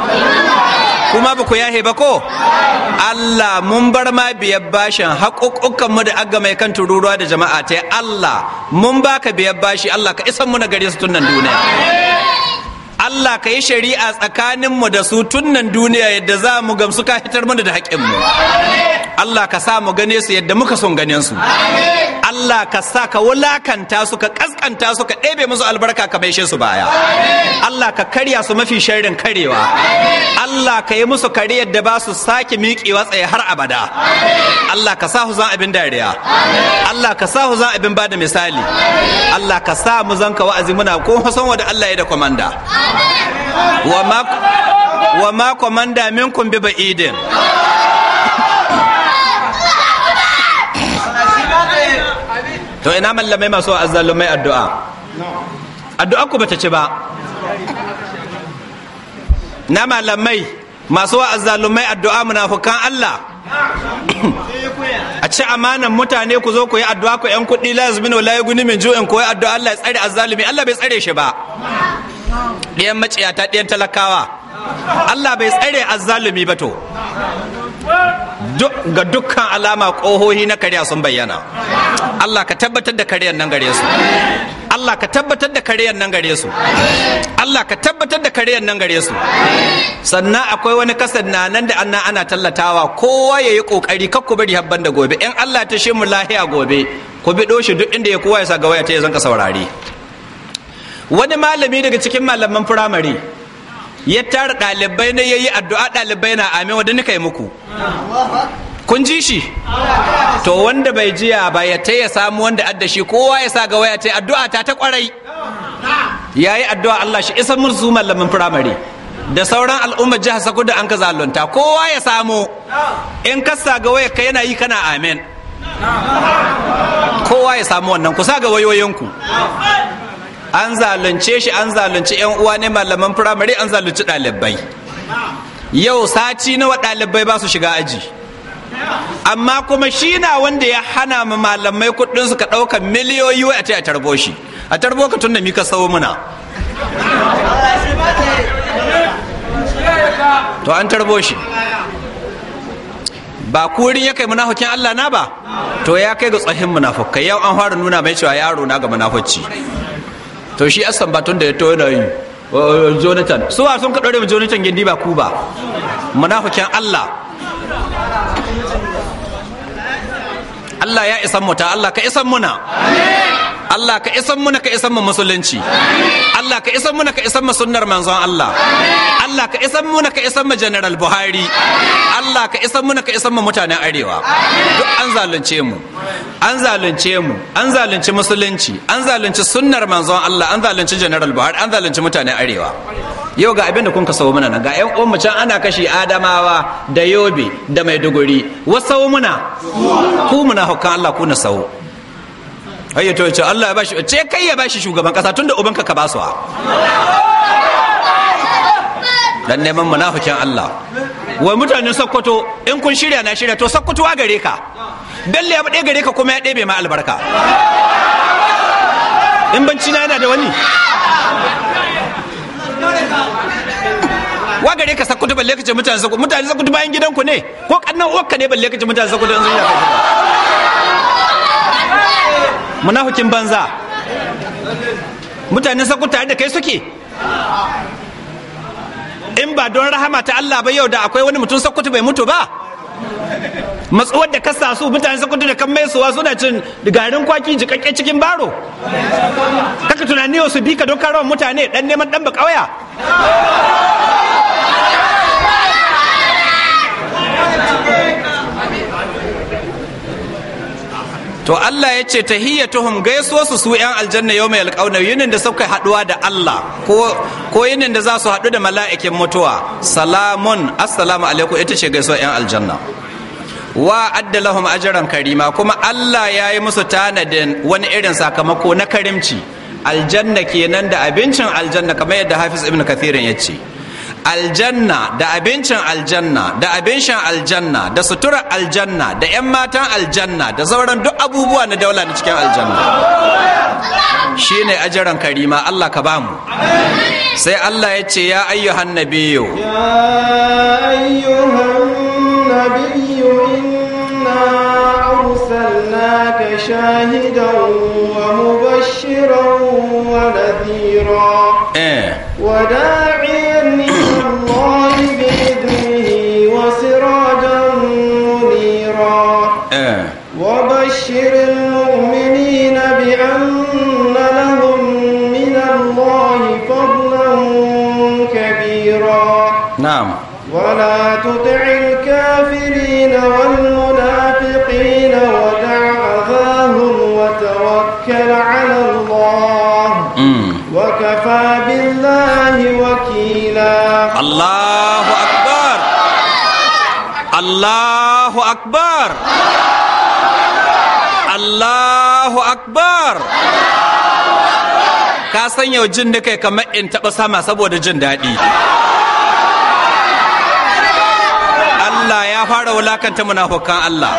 kuma ba ku yahe ba ko Allah mun bar ma biyar bashin haƙuƙukan mu da aga mai kan tururuwa da jama'a ta Allah mun baka biyar bashi Allah ka isan mu na gare su tun duniya Allah ka yi shari'a tsakaninmu da su tunnan duniya yadda za mu gamsu ka hitar mana da haƙƙinmu. Allah ka sa mu gane su yadda muka son ganin su Allah ka sa ka wulakanta su ka kaskanta su ka ɗebe musu albarka ka maishe su baya Allah ka karya su mafi sharrin karewa Allah ka yi musu kare yadda ba su sake miƙewa tsaye har abada Allah ka sa zan abin dariya Allah ka sa zan abin ba da misali Allah ka sa mu zanka wa'azi muna ko son wa da Allah ya da komanda wa ma komanda minkum bi ba'idin to ina mallamai masu azzalumai addu'a addu'a ku bata ci ba na malamai masu azzalumai addu'a munafukan Allah a ci amanan mutane ku zo ku yi addu'a ku yan kuɗi la yazmin wala yaguni min ju'in ku yi addu'a Allah ya tsare azzalumi Allah bai tsare shi ba ɗiyan maciyata ɗiyan talakawa Allah bai tsare azzalumi ba to ga dukkan alama ƙohohi na karya sun bayyana Allah ka tabbatar da karyar nan gare su Allah ka tabbatar da kariyan nan gare su Allah ka tabbatar da kariyan nan gare su sannan akwai wani kasar na nan da anna ana tallatawa kowa ya yi ƙoƙari ku bari habban da gobe in Allah ta shi mu lahiya gobe ku bi shi duk inda ya kowa ya sa ga waya ta ya zanka saurare wani malami daga cikin malaman firamare ya tara ɗalibai na yayi addu'a ɗalibai na amin wanda nika yi muku kun ji shi to wanda bai jiya ba ya ta ya samu wanda adda shi kowa ya sa ga waya ta addu'a ta ta kwarai yi addu'a Allah shi isa murzu mallamin firamare da sauran al'ummar jihar Sokoto an ka zalunta kowa ya samu in ka sa ga waya ka yana yi kana amin kowa ya samu wannan ku sa ga wayoyinku an zalunce shi an zalunci yan uwa ne malaman firamare an zalunci ɗalibai yau sati nawa ɗalibai ba su shiga aji amma kuma shi na wanda ya hana ma malamai kuɗin su ka ɗaukar miliyoyi wai a ce a tarbo shi a tarbo ka tun da mika sau muna to an tarbo shi ba kurin ya kai munafukin Allah na ba to ya kai ga tsohin munafukai yau an fara nuna mai cewa yaro na ga munafuci to shi asan batun da ya to yana yi jonathan suwa sun ka ɗaure jonathan gindi ba ku ba munafikin allah allah ya isan mu ta allah ka isan muna amin Allah ka isan muna ka isan mu musulunci Allah ka isan muna ka isan mu sunnar manzon Allah Allah ka isan muna ka isan mu General Buhari Allah ka isan muna ka isan mu mutanen arewa duk an zalunce mu an zalunce mu an zalunci musulunci an zalunci sunnar manzon Allah an zalunci General Buhari an zalunci mutanen arewa yau ga abin da kun sawo muna nan ga yan uwan can ana kashi adamawa da yobe da maiduguri wasau muna ku muna hukan Allah ku na sawo hayya to ce Allah ya bashi ce kai ya bashi shugaban kasa tunda ubanka ka ba su wa. dan neman munafikin Allah wai mutanen Sokoto in kun shirya na shirya to wa gare ka Bello ya bude gare ka kuma ya ɗebe ma albarka in banci na yana da wani wa gare ka Sokoto balle ka ce mutanen Sokoto mutanen Sokoto bayan gidanku ne ko kannan uwarka ne balle ka ce mutanen Sokoto yanzu ya kai munafikin banza mutane sa tare da kai suke in ba don rahama ta Allah ba yau da akwai wani mutum sakkwato bai mutu ba matsuwar da kasa su mutane sakkwato da kan maisuwa suna cin garin kwaki jikakke cikin baro kaka tunani su bi ka don mutane dan neman dan ba kauya to Allah ya ce tahiyyatuhum gaisuwa su su yan aljanna yau mai alƙauna yinin da suka haɗuwa da Allah ko yinin da za su haɗu da mala'ikin mutuwa salamun assalamu alaikum ita ce gaisuwa yan aljanna wa adda lahum ajran karima kuma Allah ya yi musu tanadin wani irin sakamako na karimci aljanna kenan da abincin aljanna kamar yadda Hafiz ibn Kathirin ya ce aljanna da abincin aljanna da abin shan aljanna da suturar aljanna da 'yan matan aljanna da sauran duk abubuwa na daula na cikin aljanna Shi ne ajaran karima Allah ka bamu sai Allah ya ce ya ayyuhan nabiyyu ya shahidan wa mubashiran wa nadhira eh. wa وبشر المؤمنين بأن لهم من الله فضلا كبيرا نعم ولا تطع الكافرين والمنافقين ودع أذاهم وتوكل على الله وكفى بالله وكيلا الله أكبر الله أكبر Allahu Akbar ka san yau jin da kai kamar in taɓa sama saboda jin daɗi Allah ya fara wulakanta munafukan Allah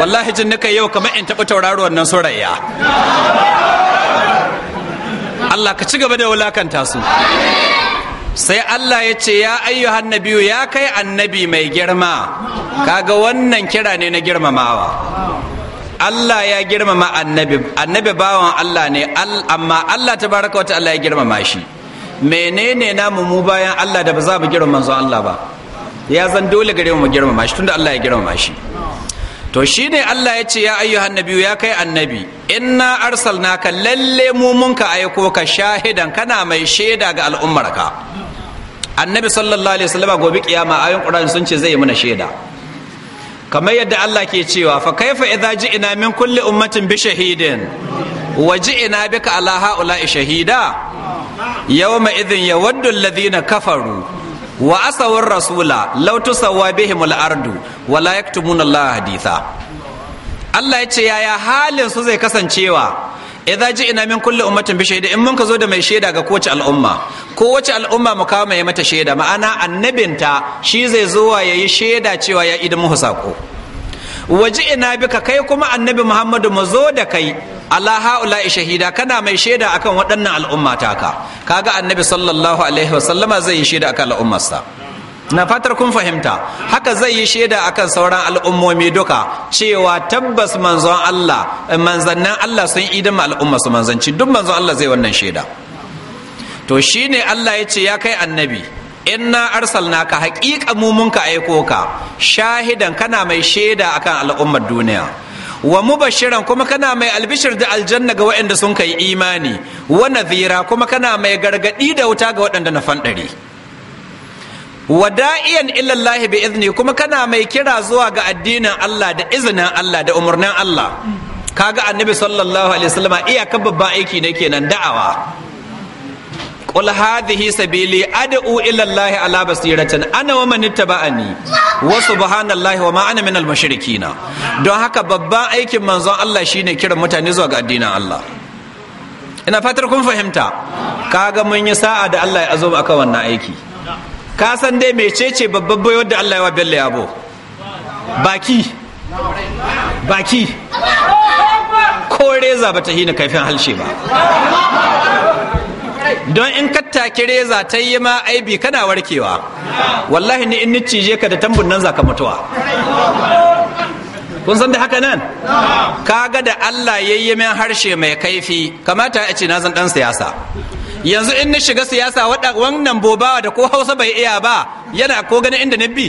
wallahi jin da kai yau kamar in taɓa tauraruwan nan surayya Allah ka ci gaba da wulakanta su sai Allah ya ce ya ayyuhan nabiyu ya kai annabi mai girma kaga wannan kira ne na girmamawa Allah ya girmama annabi annabi bawan Allah ne amma Allah ta baraka wata Allah ya girmama shi menene namu mu bayan Allah da ba za mu girmama manzon Allah ba ya zan dole gare mu girmama shi tunda Allah ya girmama shi to shine Allah ya ce ya ayyuhan nabiyu ya kai annabi inna arsalnaka lalle mu munka aiko ka shahidan kana mai shaida ga al'ummarka annabi sallallahu alaihi wasallam gobe kiyama ayoyin qur'ani sun ce zai mana shaida kamar yadda Allah ke cewa fa kaifa idza ji'na min kulli ummatin bi shahidin wa ji'na bika ala haula'i shahida yawma idhin yawaddu alladhina kafaru wa asawar rasula law tusawwa bihim al-ardu wa la yaktumuna Allah haditha Allah ya ce yaya halin su zai kasancewa idza ji'na min kulli ummatin bi shaida in mun ka zo da mai shaida ga kowace al'umma kowace al'umma mu kawo mai mata shaida ma'ana annabinta shi zai zo ya yayi shaida cewa ya idan mu sako waji ina ka kai kuma annabi muhammadu mu zo da kai ala haula shahida kana mai shaida akan waɗannan al'umma taka kaga annabi sallallahu alaihi wasallama zai yi shaida akan al'ummarsa na fatar kun fahimta haka zai yi shaida akan sauran al'ummomi duka cewa tabbas manzon Allah eh, manzannin Allah sun idan al'umma su manzanci duk manzon Allah zai wannan shaida to shine Allah ya ce ya kai annabi inna arsalnaka haqiqa mu mun ka aiko ka shahidan kana mai shaida akan al'ummar duniya wa mubashiran kuma kana mai albishir da aljanna ga waɗanda sun kai imani wa nadhira kuma kana mai gargadi da wuta ga waɗanda na fanɗari wada'iyan illallahi bi izni kuma kana mai kira zuwa ga addinin Allah da izinin Allah da umarnin Allah kaga annabi sallallahu alaihi wasallama iyakar babban aiki ne kenan da'awa qul hadhihi sabili ad'u illallahi ala basiratin ana wa man ittaba'ani wa subhanallahi wa ma ana min al don haka babban aikin manzon Allah shine kiran mutane zuwa ga addinin Allah ina fatar kun fahimta kaga mun yi sa'a da Allah ya azo akan wannan aiki ka san dai mecece babban baiwar da Allah ya wa bello yabo baki baki ko reza ba ta hina kaifin halshe ba don in ka taki reza ta yi ma aibi kana warkewa wallahi ni in ni cije ka da tambun nan zaka mutuwa kun san da haka nan Ka ga da Allah yayyamin harshe mai kaifi kamata a ce na zan dan siyasa yanzu in na shiga siyasa wannan bobawa da ko hausa bai iya ba yana ko ganin inda na bi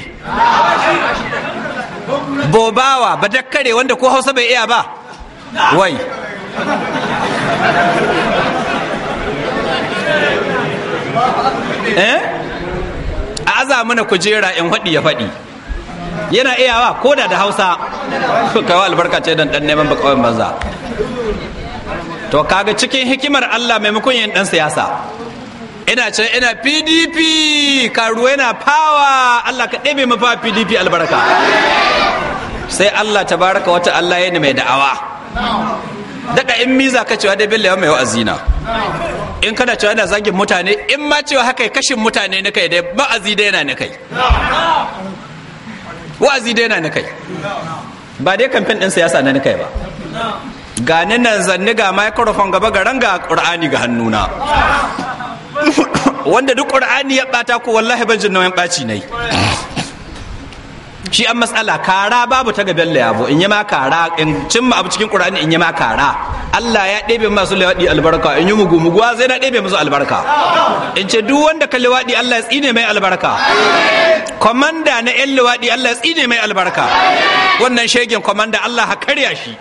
bobawa ba dakkare wanda ko hausa bai iya ba wai eh a aza mana kujera in faɗi ya faɗi yana iyawa ko da da hausa kawai albarka ce don ɗan neman bakawai banza to kaga cikin hikimar Allah maimakon yin dan siyasa ina ce ina PDP karuwa yana fawa Allah ka ɗebe mafa PDP albarka sai Allah tabaraka wata Allah yana mai da'awa daga in miza ka cewa dai billahi mai wa'azina in kana cewa yana zagin mutane in ma cewa haka kashin mutane na kai dai ba'azi dai yana na kai wa'azi dai yana na kai ba dai kamfen din siyasa na na kai ba ga nan zanni ga microphone gaba garan ga ƙur'ani ga hannuna wanda duk ƙur'ani ya ɓata ko wallahi ban jin nauyin ɓaci na yi shi an matsala kara babu ta gaban layabo in yi ma kara in cimma abu cikin qur'ani in yi ma kara Allah ya ɗebe masu lawadi albarka in yi mugu muguwa zai na ɗebe masu albarka in ce duk wanda ka lawadi Allah ya tsine mai albarka komanda na yan lawadi Allah ya tsine mai albarka wannan shegen komanda Allah ha karya shi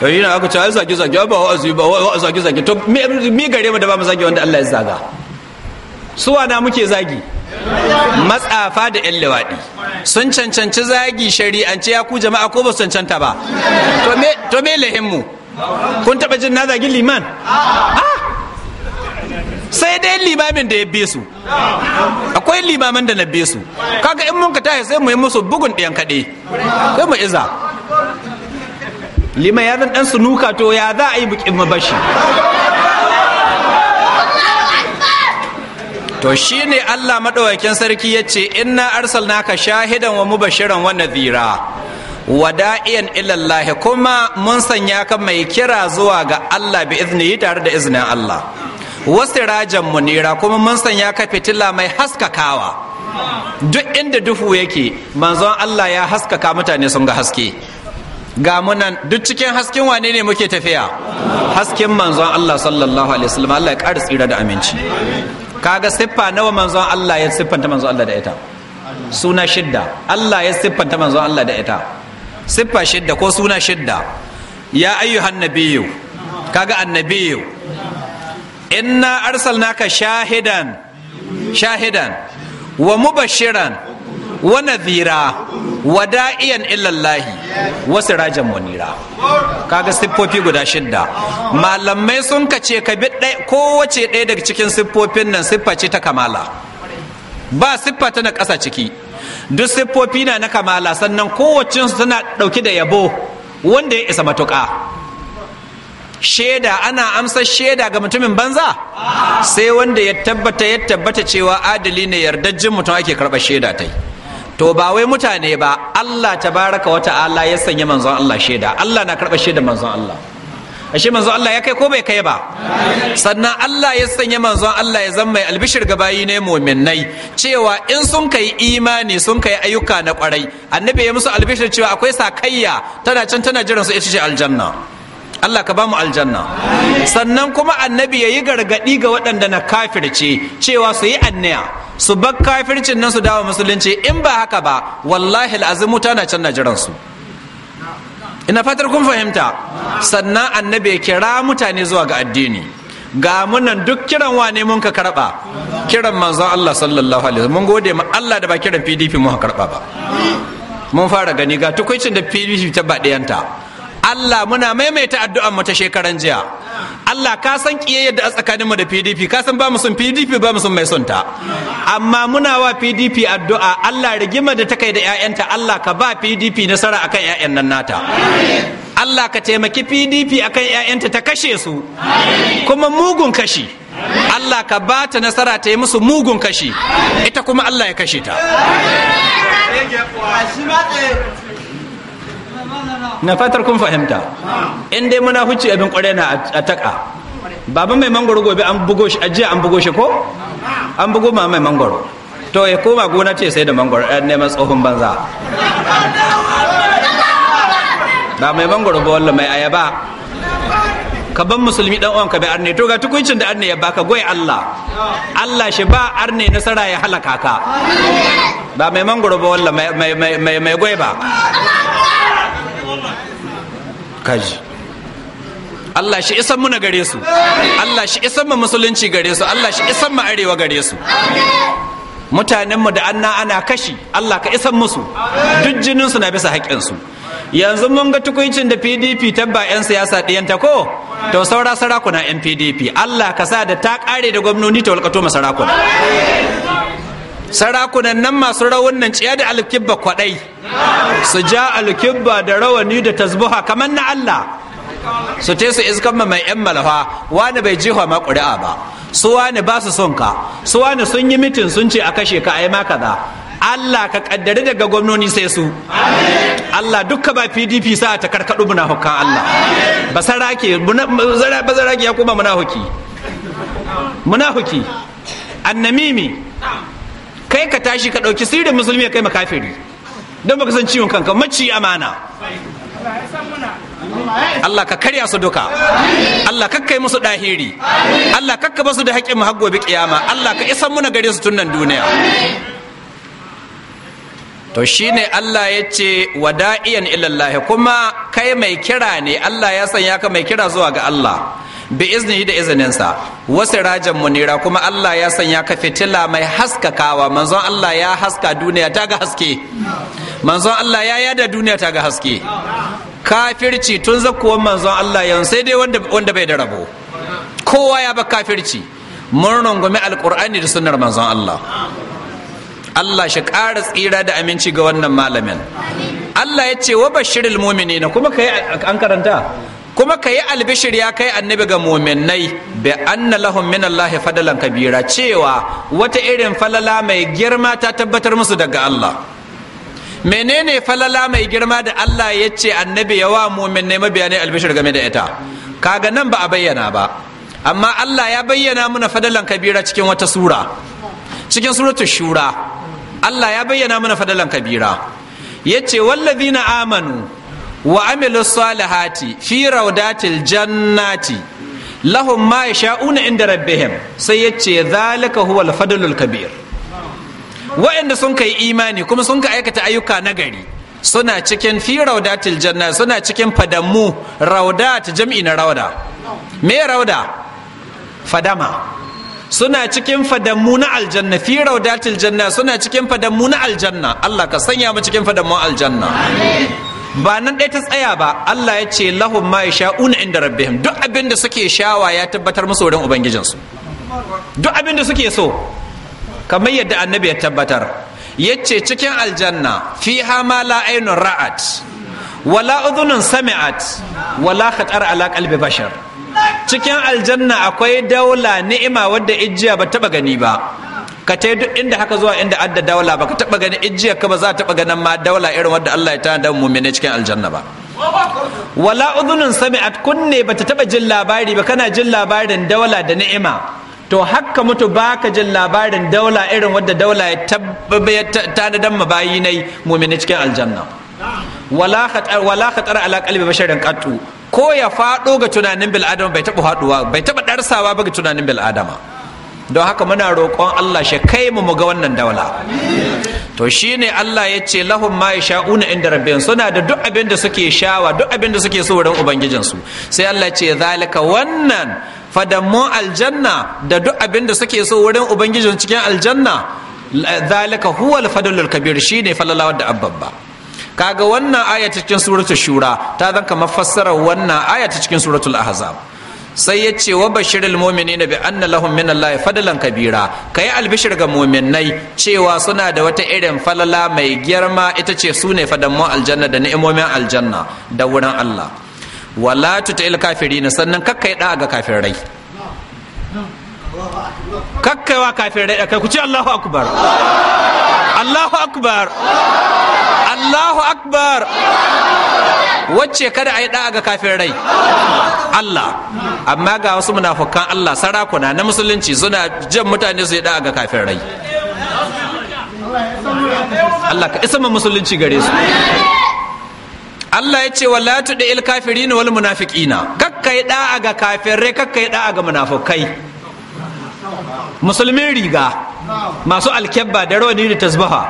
Yana yi na aka ce ai zage zage ba wa'azi ba wa'azi zage zage to mi gare mu da ba mu zage wanda Allah ya zaga suwana muke zagi matsafa da 'yan lewaɗi sun cancanci zagi shari'ance ya ku jama'a ko ba su cancanta ba to me lahimmu kun taɓa jin na zagi liman ah! sai dai limamin da ya be su akwai limaman da na be su kaga in mun ka tashi sai mu yi musu bugun ɗayan kaɗe sai mu iza liman ya zan ɗan sunuka to ya za a yi bukin mabashi to shi ne Allah maɗaukakin sarki ya ce inna naka shahidan wa mubashiran wa nadhira wa da'iyan ilallahi kuma mun sanya ka mai kira zuwa ga Allah bi yi tare da izinin Allah Wasu wasirajan munira kuma mun sanya ka fitila mai haskakawa duk inda duhu yake manzon Allah ya haskaka mutane sun ga haske ga munan duk cikin hasken wane ne muke tafiya hasken manzon Allah sallallahu alaihi wasallam Allah ya ƙara tsira da aminci kaga siffa nawa manzon Allah ya siffanta manzon Allah da ita suna shidda Allah ya siffanta manzon Allah da ita siffa shidda ko suna shidda ya ayyuhan nabiyyu kaga annabiyyu inna arsalnaka shahidan shahidan wa mubashiran wa nadhira wa da'iyan illallahi wa sirajan munira kaga siffofi guda shidda malamai sun kace ka bi kowace ɗaya daga cikin siffofin nan siffa ce ta kamala ba siffa ta na ƙasa ciki duk siffofi na na kamala sannan su suna ɗauki da yabo wanda ya isa matuƙa shaida ana amsa shaida ga mutumin banza sai wanda ya tabbata ya tabbata cewa adali ne yardajjin mutum ake karɓar shaida ta yi to ba wai mutane ba Allah tabaraka wa ta'ala ya sanya manzon Allah shaida Allah na karba shaida manzon Allah ashe manzon Allah ya kai ko bai kai ba sannan Allah ya sanya manzon Allah ya zama mai albishir ga bayi ne mu'minnai cewa in sun kai imani sun kai ayyuka na kwarai annabi ya musu albishir cewa akwai sakayya tana can tana jiran su ita ce aljanna Allah ka ba mu aljanna sannan kuma annabi ya yi gargadi ga waɗanda na kafirce cewa su yi annaya su bar kafircin nan su dawo musulunci in ba haka ba wallahi al'azimu tana can na jiransu. ina fatar kun fahimta sannan annabi ya kira mutane zuwa ga addini ga munan duk kiran wane mun ka karba kiran manzo Allah sallallahu alaihi wasallam mun gode ma Allah da ba kiran PDP mun karba ba mun fara gani ga tukuicin da PDP ta ba Allah muna maimaita addu'an mu ta shekaran jiya Allah ka san kiyayyar da a tsakaninmu da PDP ka san ba mu son PDP ba mu son mai son ta amma muna wa PDP addu'a Allah rigima da ta kai da 'ya'yanta Allah ka ba PDP nasara akan 'ya'yan nan nata Allah ka taimaki PDP akan 'ya'yanta ta kashe su kuma mugun kashi Allah ka ba ta nasara ta yi musu mugun kashi ita kuma Allah ya kashe ta na fatar kun fahimta in dai muna huci abin kware na a taka baba mai mangoro gobe an bugo shi ajiya an bugo shi ko an bugo ma mai mangoro to ya koma gona ce sai da mangoro ɗan eh, neman tsohon banza ba mai mangoro ba wallo mai ayaba ka ban musulmi dan ka bai arne to ga tukuncin da arne ya baka goyi Allah Allah shi ba arne nasara ya halaka ka ba mai mangoro ba wallo mai mai mai goyi ba kaji Allah shi isan mu na gare su Allah shi isan mu musulunci gare su Allah shi isan mu arewa gare su mu da anna ana kashi Allah ka isan musu duk jinin su na bisa su yanzu mun ga tukuncin da pdp tabba 'yan siyasa ta ko to saura sarakuna 'yan pdp Allah ka sa da ta ƙare da gwamnoni ta walƙato masarakuna sarakunan nan masu rawan nan ciya da alkibba kwadai su ja alkibba da rawani da tasbuha kamar na Allah su te su iskan ma mai yan malafa wani bai jiha ma ƙuri'a ba su wani ba su son ka su wani sun yi mitin sun ce a kashe ka a yi ma kaza Allah ka kaddari daga gwamnoni sai su Allah dukka ba PDP sa ta karkaɗu munafukan Allah ba sarake ba sarake ya kuma muna hukki annamimi kai ka tashi ka ɗauki sirrin musulmi ya kai makafiri don baka san ciwon kanka maci amana Allah ka karya su duka Allah ka kai musu dahiri Allah kaba basu da haƙƙin har gobe kiyama Allah ka isan muna gare su tun nan duniya to shine Allah ya ce wada'iyan ilallahi kuma kai mai kira ne Allah ya sanya ka mai kira zuwa ga Allah bi iznihi da izininsa wasu rajan munira kuma Allah ya sanya ka fitila mai haskakawa manzon Allah ya haska duniya ta ga haske manzon Allah ya yada duniya ta ga haske kafirci tun zakuwan manzon Allah yan sai dai wanda bai da rabo kowa ya ba kafirci mun rungumi alkur'ani da sunnar manzon Allah Allah shi ƙara tsira da aminci ga wannan malamin Allah ya ce wa bashirul mu'minina kuma kai an karanta kuma ka yi albishir ya kai annabi ga muminai bi anna lahum min Allah fadalan kabira cewa wata irin falala mai girma ta tabbatar musu daga Allah menene falala mai girma da Allah ya ce annabi ya yawa muminai mabiyanai albishir game da ita kaga nan ba a bayyana ba amma Allah ya bayyana mana fadalan kabira cikin wata sura cikin suratu shura Allah ya bayyana mana fadalan kabira yace wallazina amanu wa amilu salihati fi raudatil jannati lahum ma yasha'una inda rabbihim sai yace zalika huwa al-fadlul kabir wa'anda sun kai imani kuma sun ka aikata ayyuka nagari suna cikin fi raudatil janna suna cikin fadamu raudat jam'i na rauda me rauda fadama suna cikin fadamu na aljanna fi raudatil janna suna cikin fadamu na aljanna Allah ka sanya mu cikin fadamun aljanna amin ba nan ɗaya ta tsaya ba Allah ya ce lahum ma sha'una inda rabbihim duk abin da suke shawa ya tabbatar musu wurin ubangijinsu duk abin da suke so kamar yadda annabi ya tabbatar yace cikin aljanna fiha ma la ainun ra'at wala udhunun sami'at wala khatar ala qalbi bashar cikin aljanna akwai daula ni'ima wadda ijiya ba taba gani ba ka ta duk inda haka zuwa inda adda daula ba ka taba ganin ijiya ka ba za taba ganin ma daula irin wadda Allah ya tana da mu'mini cikin aljanna ba wala udhunun sami'at kunne bata taba jin labari ba kana jin labarin daula da ni'ima to hakka mutu baka jin labarin daula irin wadda daula ya tanadan mabayi nai mu'mini cikin aljanna wala khatar wala khatar ala qalbi basharin qattu ko ya faɗo ga tunanin bil adama bai taba haɗuwa bai taba darsawa ba ga tunanin bil'adama. don haka muna roƙon Allah shi kai mu mu ga wannan daula to shine Allah ya ce lahum ma yasha'una inda rabbihim suna da duk abin da suke shawa duk abin da suke so wurin ubangijinsu sai Allah ce zalika wannan fadammu aljanna da duk abin da suke so wurin ubangijin cikin aljanna zalika huwal fadlul kabir shine falalawa da abbabba kaga wannan aya cikin suratul shura ta zanka mafassarar wannan aya cikin suratul ahzab sai ya ce wa bashirul mu'minina bi anna lahum min Allah fadlan kabira kai albishir ga mu'minai cewa suna da wata irin falala mai girma ita ce su ne fadamman aljanna da ni'imomin aljanna da wurin Allah wala tutail kafirin sannan kakkai da ga kafirai kakkaiwa kafirai kai ku ce Allahu akbar Allahu akbar Allahu akbar wacce kada a yi da'a ga kafin rai Allah amma ga wasu munafukan Allah sarakuna na musulunci suna jan mutane su yi da'a ga kafin rai Allah ka isa musulunci gare su Allah ya ce wa la tuɗi il kafirina wal munafiqina kakkai da'a ga kafirai kakkai da'a ga munafukai musulmin riga masu alkebba da rawani da tasbaha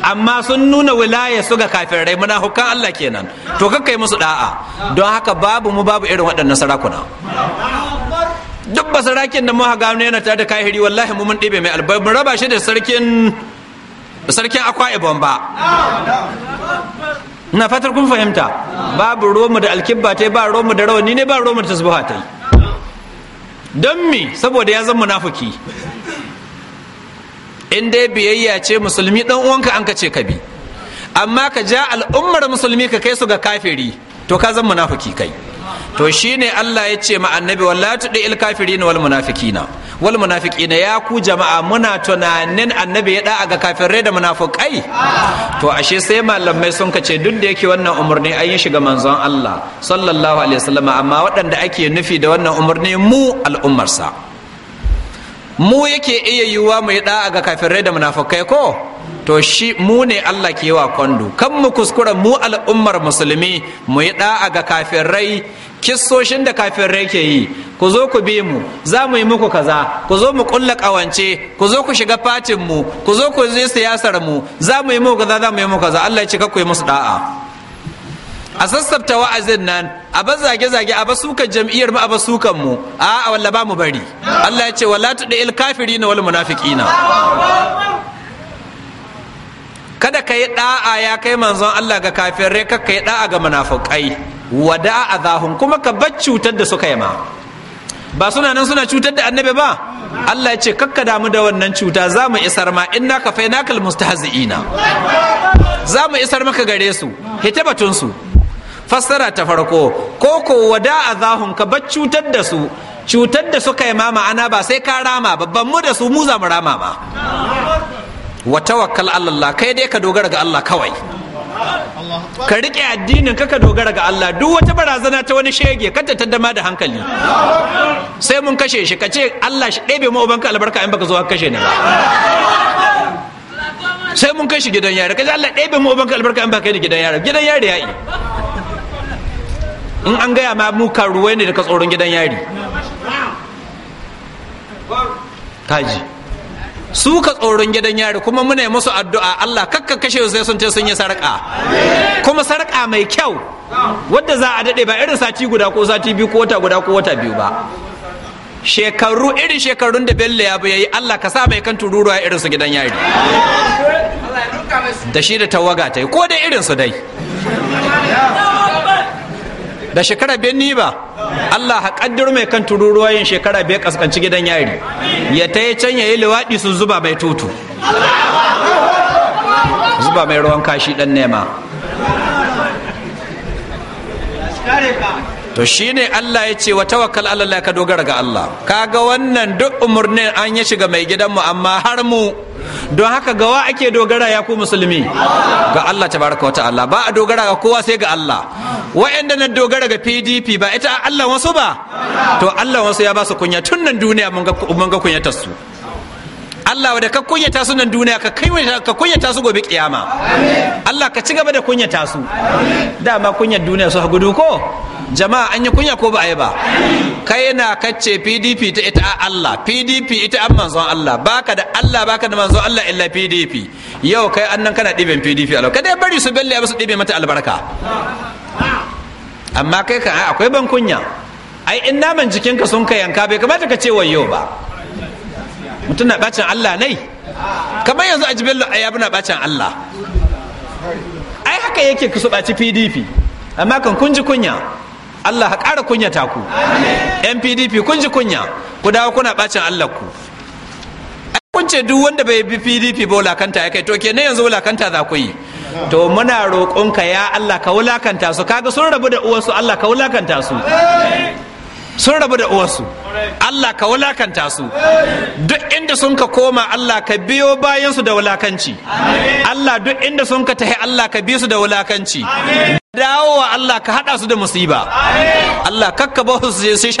amma sun nuna wilaya su ga kafirai muna hukan Allah kenan to kakka yi musu da'a don haka babu mu babu irin waɗannan sarakuna duk ba sarakin da muka gano yana tare da kahiri wallahi mu mun ɗebe mai albai mun raba shi da sarkin sarkin akwa ibon ba na fatar kun fahimta babu romu da alkibba ta ba romu da rawani ne ba romu da tasbaha ta yi don me saboda ya zama munafiki in dai biyayya ce musulmi dan uwanka an ka ce ka bi amma ka ja al'ummar musulmi ka kai su ga kafiri to ka zama munafiki kai to shine Allah ya ce ma annabi wallahi tudi il kafirin wal munafikina wal munafiqina ya ku jama'a muna tunanin annabi ya da'a ga kafirai da munafukai to ashe sai malamai sun kace duk da yake wannan umarni an yi shiga manzon Allah sallallahu alaihi wasallam amma waɗanda ake nufi da wannan umarni mu al'ummarsa mu yake iya yiwuwa mu yi da'a ga kafirai da munafukai ko to shi mu ne Allah ke wa kwando kan mu kuskura mu al'ummar musulmi mu yi da'a ga kafirai kissoshin da kafirai ke yi ku zo ku bi mu za mu yi muku kaza ku zo mu kulla kawance ku zo ku shiga fatin mu ku zo ku je siyasar mu za mu yi muku kaza za mu yi muku kaza Allah ya ce ka ku yi musu da'a a sassabta wa'azin nan a ba zage-zage a ba sukan jam'iyyar mu a ba sukan mu a walla ba mu bari Allah ya ce wala tuɗe il kafiri na wal munafiqina kada ka yi da'a ya kai manzon Allah ga kafirai ka yi da'a ga munafukai da'a zahun kuma ka bar cutar da suka yi ma ba suna nan suna cutar da annabi ba Allah ya ce kakka damu da wannan cuta za mu isar ma inna ka fai nakal mustahzi'ina za mu isar maka gare su hita batun su fassara ta farko ko ko wada zahun ka bar cutar da su cutar da suka yi ma ma'ana ba sai ka rama babban mu da su mu za mu rama ma wa tawakkal Allah kai dai ka dogara ga Allah kawai ka riƙe addinin ka ka dogara ga Allah duk wata barazana ta wani shege ka dama da hankali sai mun kashe shi ka ce Allah shi ɗebe mu ubanka albarka in baka zo kashe ni ba sai mun kashe gidan yare ka ce Allah ɗebe mu ubanka albarka in baka ni gidan yare gidan yare yayi in an gaya ma mu karuwai ne daga tsoron gidan yari kaji su ka tsoron gidan yari kuma muna yi musu addu'a Allah kakka kashe sai sun ce sun yi sarƙa kuma sarƙa mai kyau wadda za a daɗe ba irin sati guda ko sati biyu ko wata guda ko wata biyu ba shekaru irin shekarun da bello ya bi yayi Allah ka sa mai kan tururuwa irin su gidan yari da shi da tawaga ta yi ko dai irin su dai da shekara benni ba Allah haƙaddir mai kan tururuwa yin shekara bai kaskanci gidan yari ya ta yi can ya yi liwaɗi su zuba mai tutu zuba mai ruwan kashi ɗan nema to ne Allah ya ce wa tawakkal ala Allah ka dogara ga Allah kaga wannan duk umurnin an ya shiga mai gidanmu amma har mu don haka gawa ake dogara ya ku musulmi ga Allah tabaraka wa ta'ala ba a dogara ga kowa sai ga Allah wa'anda na dogara ga PDP ba ita Allah wasu ba to Allah wasu ya ba su kunya tun nan duniya mun ga kunyatar su Allah da ka kunyata su nan duniya ka ka kunyata su gobe kiyama Allah ka ci gaba da kunyata su dama kunyar duniya su hagudu ko jama'a an yi kunya ko ba a yi ba kai na kacce PDP ta ita Allah PDP ita an manzon Allah baka da Allah baka da manzon Allah illa PDP yau kai annan kana ɗiben PDP alau ka dai bari su belle su ɗibe mata albarka amma kai ka akwai ban kunya ai in naman jikinka sun ka yanka bai kamata ka ce wayo ba mutum na bacin Allah ne kamar yanzu a jibin a yabi na bacin Allah ai haka yake ku baci pdp amma kan kun ji kunya Allah ha ƙara kunya ta ku yan pdp kun ji kunya ku dawo kuna bacin Allah ku kun ce duk wanda bai bi pdp ba wulakanta ya kai to kenan yanzu wulakanta za ku yi to muna roƙonka ya Allah ka wulakanta su kaga sun rabu da uwansu Allah ka wulakanta su sun rabu da uwarsu Allah ka wulakanta su duk inda sun ka koma Allah ka biyo bayan su da wulakanci Allah duk inda sun ka tahi Allah ka bi su da wulakanci dawowa Allah ka hada su da musiba Allah kakka su sai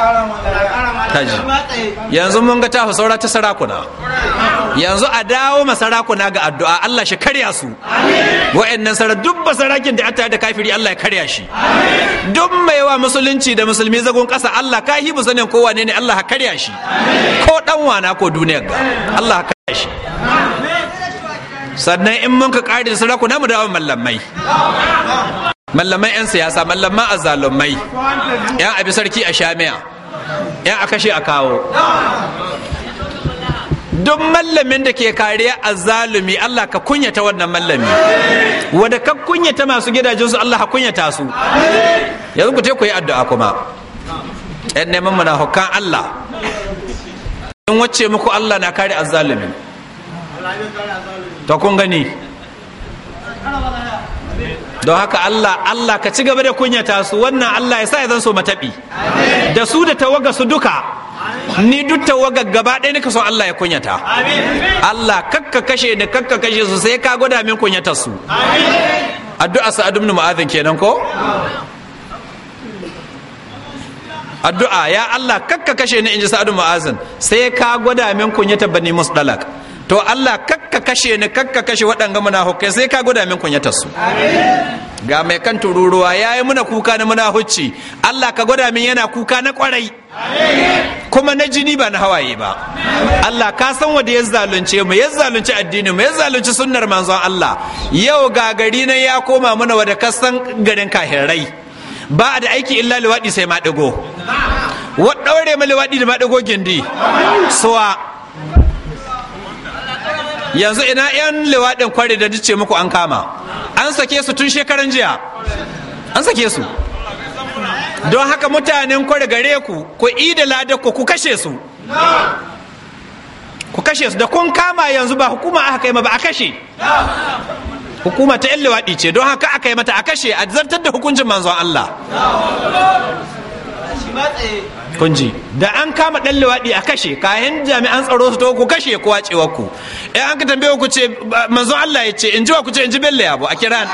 Allah kaji yanzu mun ga ta fa saura ta sarakuna yanzu a dawo ma sarakuna ga addu'a Allah shi karya su wa'annan sarar duk sarakin da ta da kafiri Allah ya karya shi duk mai wa musulunci da musulmi zagon kasa Allah ka hibu sanin kowa ne ne Allah ya karya shi ko dan wana ko duniyar ga Allah ya karya shi sannan in mun ka kare da sarakuna mu dawo mallamai Mallamai 'yan siyasa mallamai azalumai 'yan abi sarki a shamiya yan a kashe a kawo duk mallamin da ke kariya a zalumi Allah ka kunyata wannan mallami wadda ka kunyata masu gidajensu Allah ka kunyata su yanzu ku ku yi addu'a kuma yan neman mana hukan Allah in wacce muku Allah na kare azzalumi to kun gani don haka Allah Allah ka ci gaba da kunyata su wannan Allah ya sa ya zan so mataɓi da su da tawaga su duka ni duk tawaga gaba ɗaya nika so Allah ya kunyata Allah kakka kashe da kakka kashe su sai ka gwada min kunyatar su addu'a sa'ad ibn mu'adh kenan ko addu'a ya Allah kakka kashe ni inji sa'adu mu'azin sai ka gwada min kunyata bani musdalak to Allah kakka kashe ni kakka kashe waɗanga muna munafukai sai ka guda min kunyatar su ga mai kan tururuwa yayi muna kuka na hucci Allah ka guda min yana kuka na kwarai kuma na jini ba na hawaye ba Allah ka san wanda ya zalunce mu ya zalunci addini mu ya zalunci sunnar manzon Allah yau ga gari na ya koma mana wada kasan garin kahirai ba da aiki illa liwaɗi sai ma wa ɗaure ma liwaɗi da ma maɗigo gindi suwa yanzu ina yan liwaɗin kware da dace muku an kama an sake su tun shekaran jiya an sake su don haka mutanen kware gare ku ku ida lada ku kashe su ku kashe su da kun kama yanzu ba hukuma aka yi ma ba a kashe hukuma ta yan liwaɗi ce don haka aka yi mata a kashe a zartar da hukuncin manzon Allah kunji da an kama dan luwaɗi a kashe kayan jami'an tsaro su to ku kashe ku wacewa ku eh an ka tambaye ku ce manzon Allah ya ce in ji wa ku ce in ji bello yabo a kiran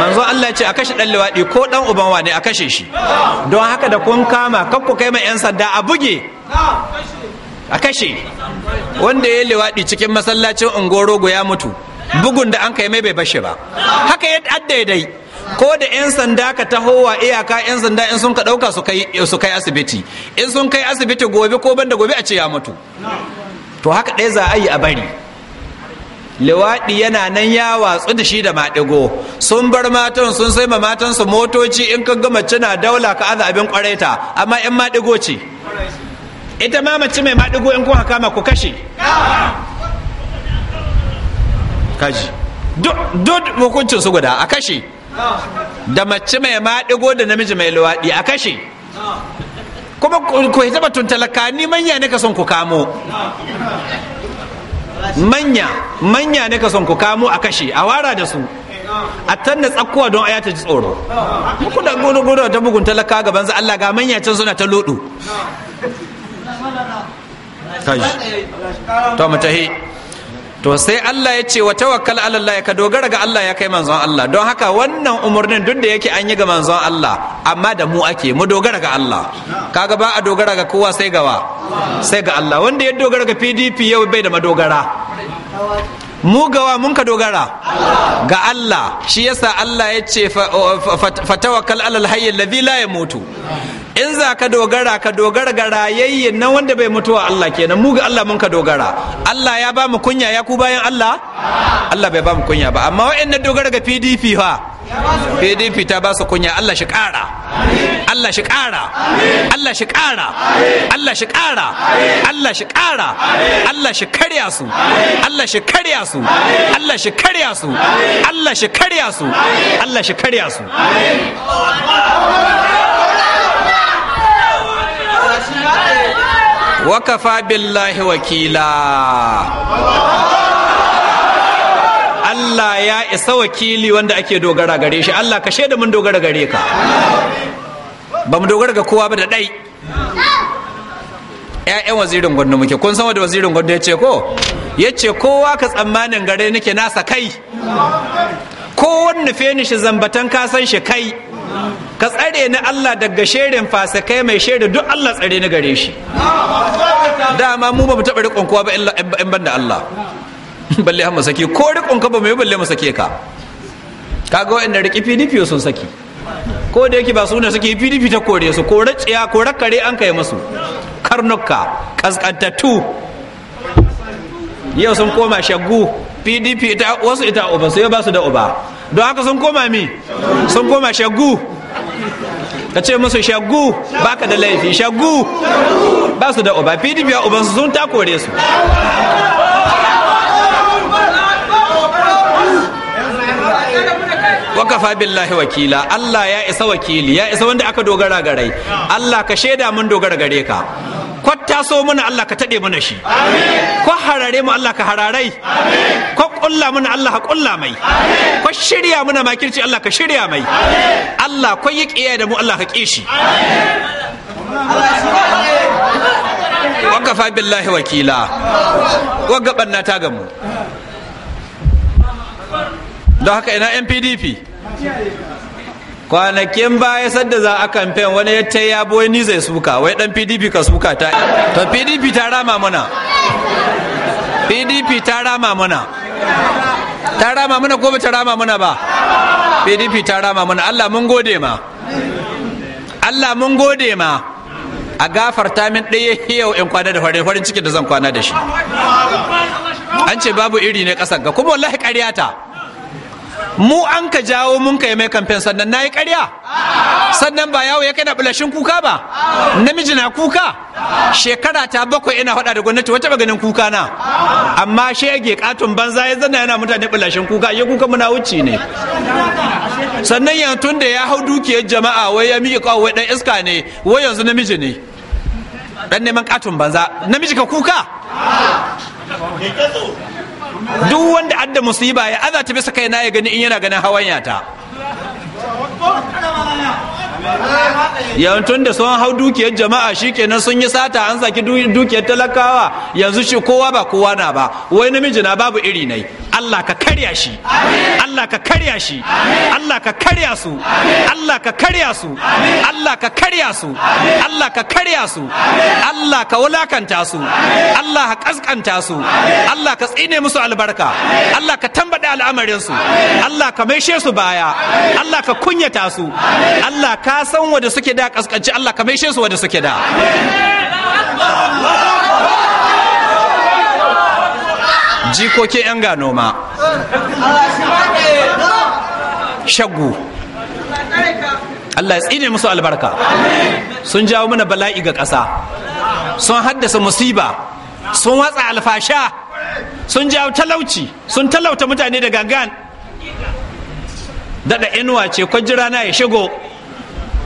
manzo Allah ya ce a kashe dan luwaɗi ko dan uban wane a kashe shi don haka da kun kama ku kai ma yan sanda a buge a kashe wanda ya lewaɗi cikin masallacin ungorogo ya mutu bugun da an kai mai bai bashi ba haka ya addai dai ko da 'yan sanda ka taho wa iyaka 'yan sanda in sun ka ɗauka su kai asibiti in sun kai asibiti gobe ko banda gobe a ce ya mutu to haka ɗaya za a yi a bari liwaɗi yana nan ya watsu da shi da maɗigo sun bar matan sun sai matan matansu motoci in ka ga mace daula ka aza abin ƙwaraita amma in maɗigo ce ita ma mace mai maɗigo in kuka kama ku kashe kaji duk hukuncin su guda a kashe da mace mai maɗigo da namiji mai luwaɗi a kashe kuma ku yi batun talaka ni manya ne ka son ku kamo manya manya ne ka son ku kamo a kashe a wara da su a tanna tsakkuwa don aya ta ji tsoro muku da gudu gudu ta bugun talaka gaban za Allah ga manya can suna ta lodu to mu tahi to sai Allah ya ce wa tawakkal ala Allah ka dogara ga Allah ya kai manzon Allah don haka wannan umurnin duk da yake an yi ga manzon Allah amma da mu ake mu dogara ga Allah kaga ba a dogara ga kowa sai gawa sai ga Allah wanda ya dogara ga PDP yau bai da madogara mu gawa mun ka dogara ga Allah shi yasa Allah ya ce fa tawakkal ala alhayy alladhi la yamutu in za ka dogara ka dogara ga rayayyen na wanda bai mutuwa Allah kenan mu ga Allah mun ka dogara Allah ya ba mu kunya ya ku bayan Allah Allah bai ba mu kunya ba amma na dogara ga PDP fa PDP ta ba su kunya Allah shi ƙara Allah shi ƙara Allah shi ƙara Allah shi ƙara Allah shi su Allah shi karya su Allah shi karya su Allah shi karya su Allah shi karya su Allah shi karya su wa billahi wakila Allah ya isa wakili wanda ake dogara gare shi Allah ka shaida mun dogara gare ka ba mu dogara ga kowa ba da dai ƴaƴan wazirin gwanda muke kun san wanda wazirin gwanda ya ce ko ya ce kowa ka tsammanin gare nake nasa kai ko wanne feni shi zambatan ka san shi kai ka tsare ni Allah daga sherin fasikai mai shaida duk Allah tsare ni gare shi dama mu ba mu taɓa riƙon kowa ba in ban da Allah balle hamma saki ko riƙon ka ba mai balle mu sake ka kaga waɗanda riƙi PDP sun saki ko da yake ba suna suke PDP ta kore su kore raciya kore kare an kai musu karnuka kaskantattu yau sun koma shaggu pdp ita wasu ita uba su ba su da uba don haka sun koma mi sun koma shagu ka ce musu shaggu baka da laifi shaggu ba su da uba pdp ya su sun takore su wakafa billahi wakila Allah ya isa wakili ya isa wanda aka dogara garai Allah ka shaida mun dogara gare ka ko taso mana Allah ka taɗe mana shi ko harare mu Allah ka hararai ko ƙulla mana Allah ka ƙulla mai ko shirya mana makirci Allah ka shirya mai Allah ko yi ƙiyaye da mu Allah ka ƙi shi wakafa billahi wakila wagaban na ta gamu don haka ina NPDP kwanakin baya sadda za a kamfen wani ya ta ya boye ni zai suka wai dan pdp ka suka ta to pdp ta rama muna pdp ta rama muna ta rama muna ko ba ta rama muna ba pdp ta rama muna allah mun gode ma allah mun gode ma a gafarta min ɗaya yau in kwana da farin farin ciki da zan kwana da shi an ce babu iri ne ƙasar ga kuma wallahi ƙaryata mu an ka jawo mun ka yi mai kamfen sannan na yi karya sannan ba yawo ya kai na bulashin kuka ba namiji na kuka shekara ta bakwai ina hada da gwamnati wata maganin kuka na amma shege katon banza ya zana yana mutane bulashin kuka ya kuka muna wuce ne sannan tun da ya hau dukiyar jama'a wai ya miƙa wai ɗan iska ne wai yanzu namiji ne ɗan neman katon banza namiji ka kuka duk wanda adda musiba ya aza ta bisa kaina ya gani in yana ganin hawanya ta yanzu da sun hau dukiyar jama'a shikenan sun yi sata an saki dukiyar talakawa yanzu shi kowa ba kowa na ba wai namiji na babu iri nai Allah ka karya shi Allah ka karya shi Allah ka karya su Allah ka karya su Allah ka karya su Allah ka karya su Allah ka wulakanta su Allah ka kaskanta su Allah ka tsine musu albarka Allah ka tambada al'amarin su Allah ka maishe su baya Allah ka kunyata su Allah ka san wanda suke da kaskanci Allah ka maishe su wanda suke da Allah jikokin 'yan ganoma shaggu Allah ya tsine musu albarka sun jawo mana bala'i ga ƙasa sun haddasa musiba sun watsa alfasha sun jawo talauci sun talauta mutane da gangan daɗa inuwa ce jira na ya shigo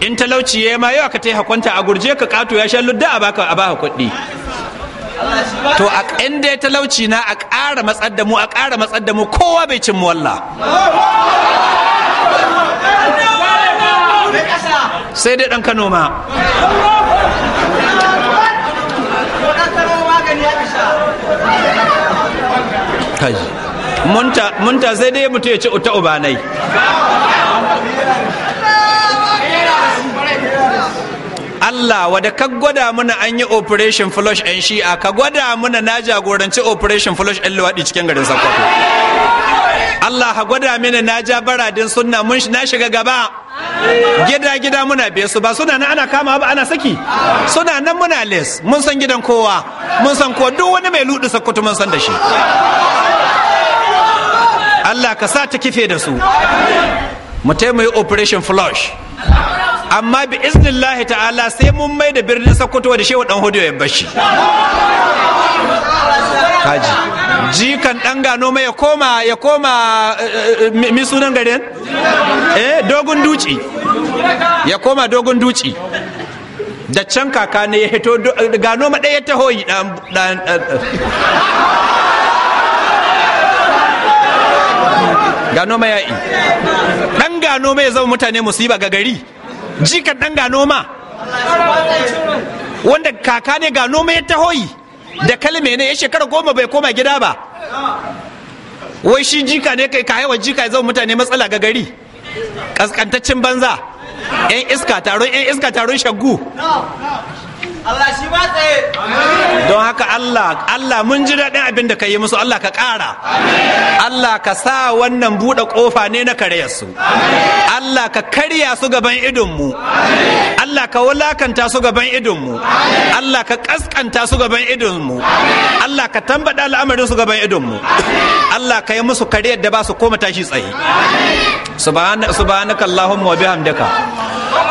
in talauci ya yi ma yawa ka ta yi hakwanta a gurje ka kato ya sha ludda a baka a baka kuɗi to a inda ya talauci na a ƙara matsar da mu a ƙara matsar da mu kowa bai cin mu sai dai ɗan kano ma munta sai dai mutu ya ci uta ubanai Allah wadda ka gwada mana an yi operation flush ɗin shi'a ka gwada mana na jagoranci operation flush ɗin luwaɗi cikin garin Sokoto. Allah ka gwada mana na ja baradin sunna mun na shiga gaba. Gida gida muna be su ba suna nan ana kama ba ana saki. Suna nan muna les mun san gidan kowa mun san kowa duk wani mai luɗu Sokoto mun san da shi. Allah ka sa ta kife da su. Mu taimayi operation flush. amma bi lahi ta'ala sai mun mai da birnin sokoto da shehu dan hudu ya bashi kaji jikan dan gano mai ya koma ya koma eh, eh, mi sunan garin eh dogon duci ya koma dogon duci da can kaka ne ya hito gano ma ɗaya ta hoyi dan dan eh, gano mai ya'i dan gano mai zama mutane musiba ga gari jikan dan ga noma wanda kaka ne ga noma ya hoyi da kalme ne ya shekara goma bai koma gida ba wai shi jika ne kai kayawa jika zama mutane matsala ga gari kaskantaccen banza yan iska taron yan iska taron shaggu Allah shi ba tsaye don haka Allah Allah mun ji daɗin abin da ka yi musu Allah ka ƙara Allah ka sa wannan buɗe ƙofa ne na karya su Allah ka karya su gaban idonmu Allah ka wulakanta su gaban idonmu Allah ka ƙasƙanta su gaban idonmu Allah ka tambaɗa al'amarin su gaban idonmu Allah ka yi musu kariyar da ba su koma tashi tsaye subhanakallahumma wa bihamdika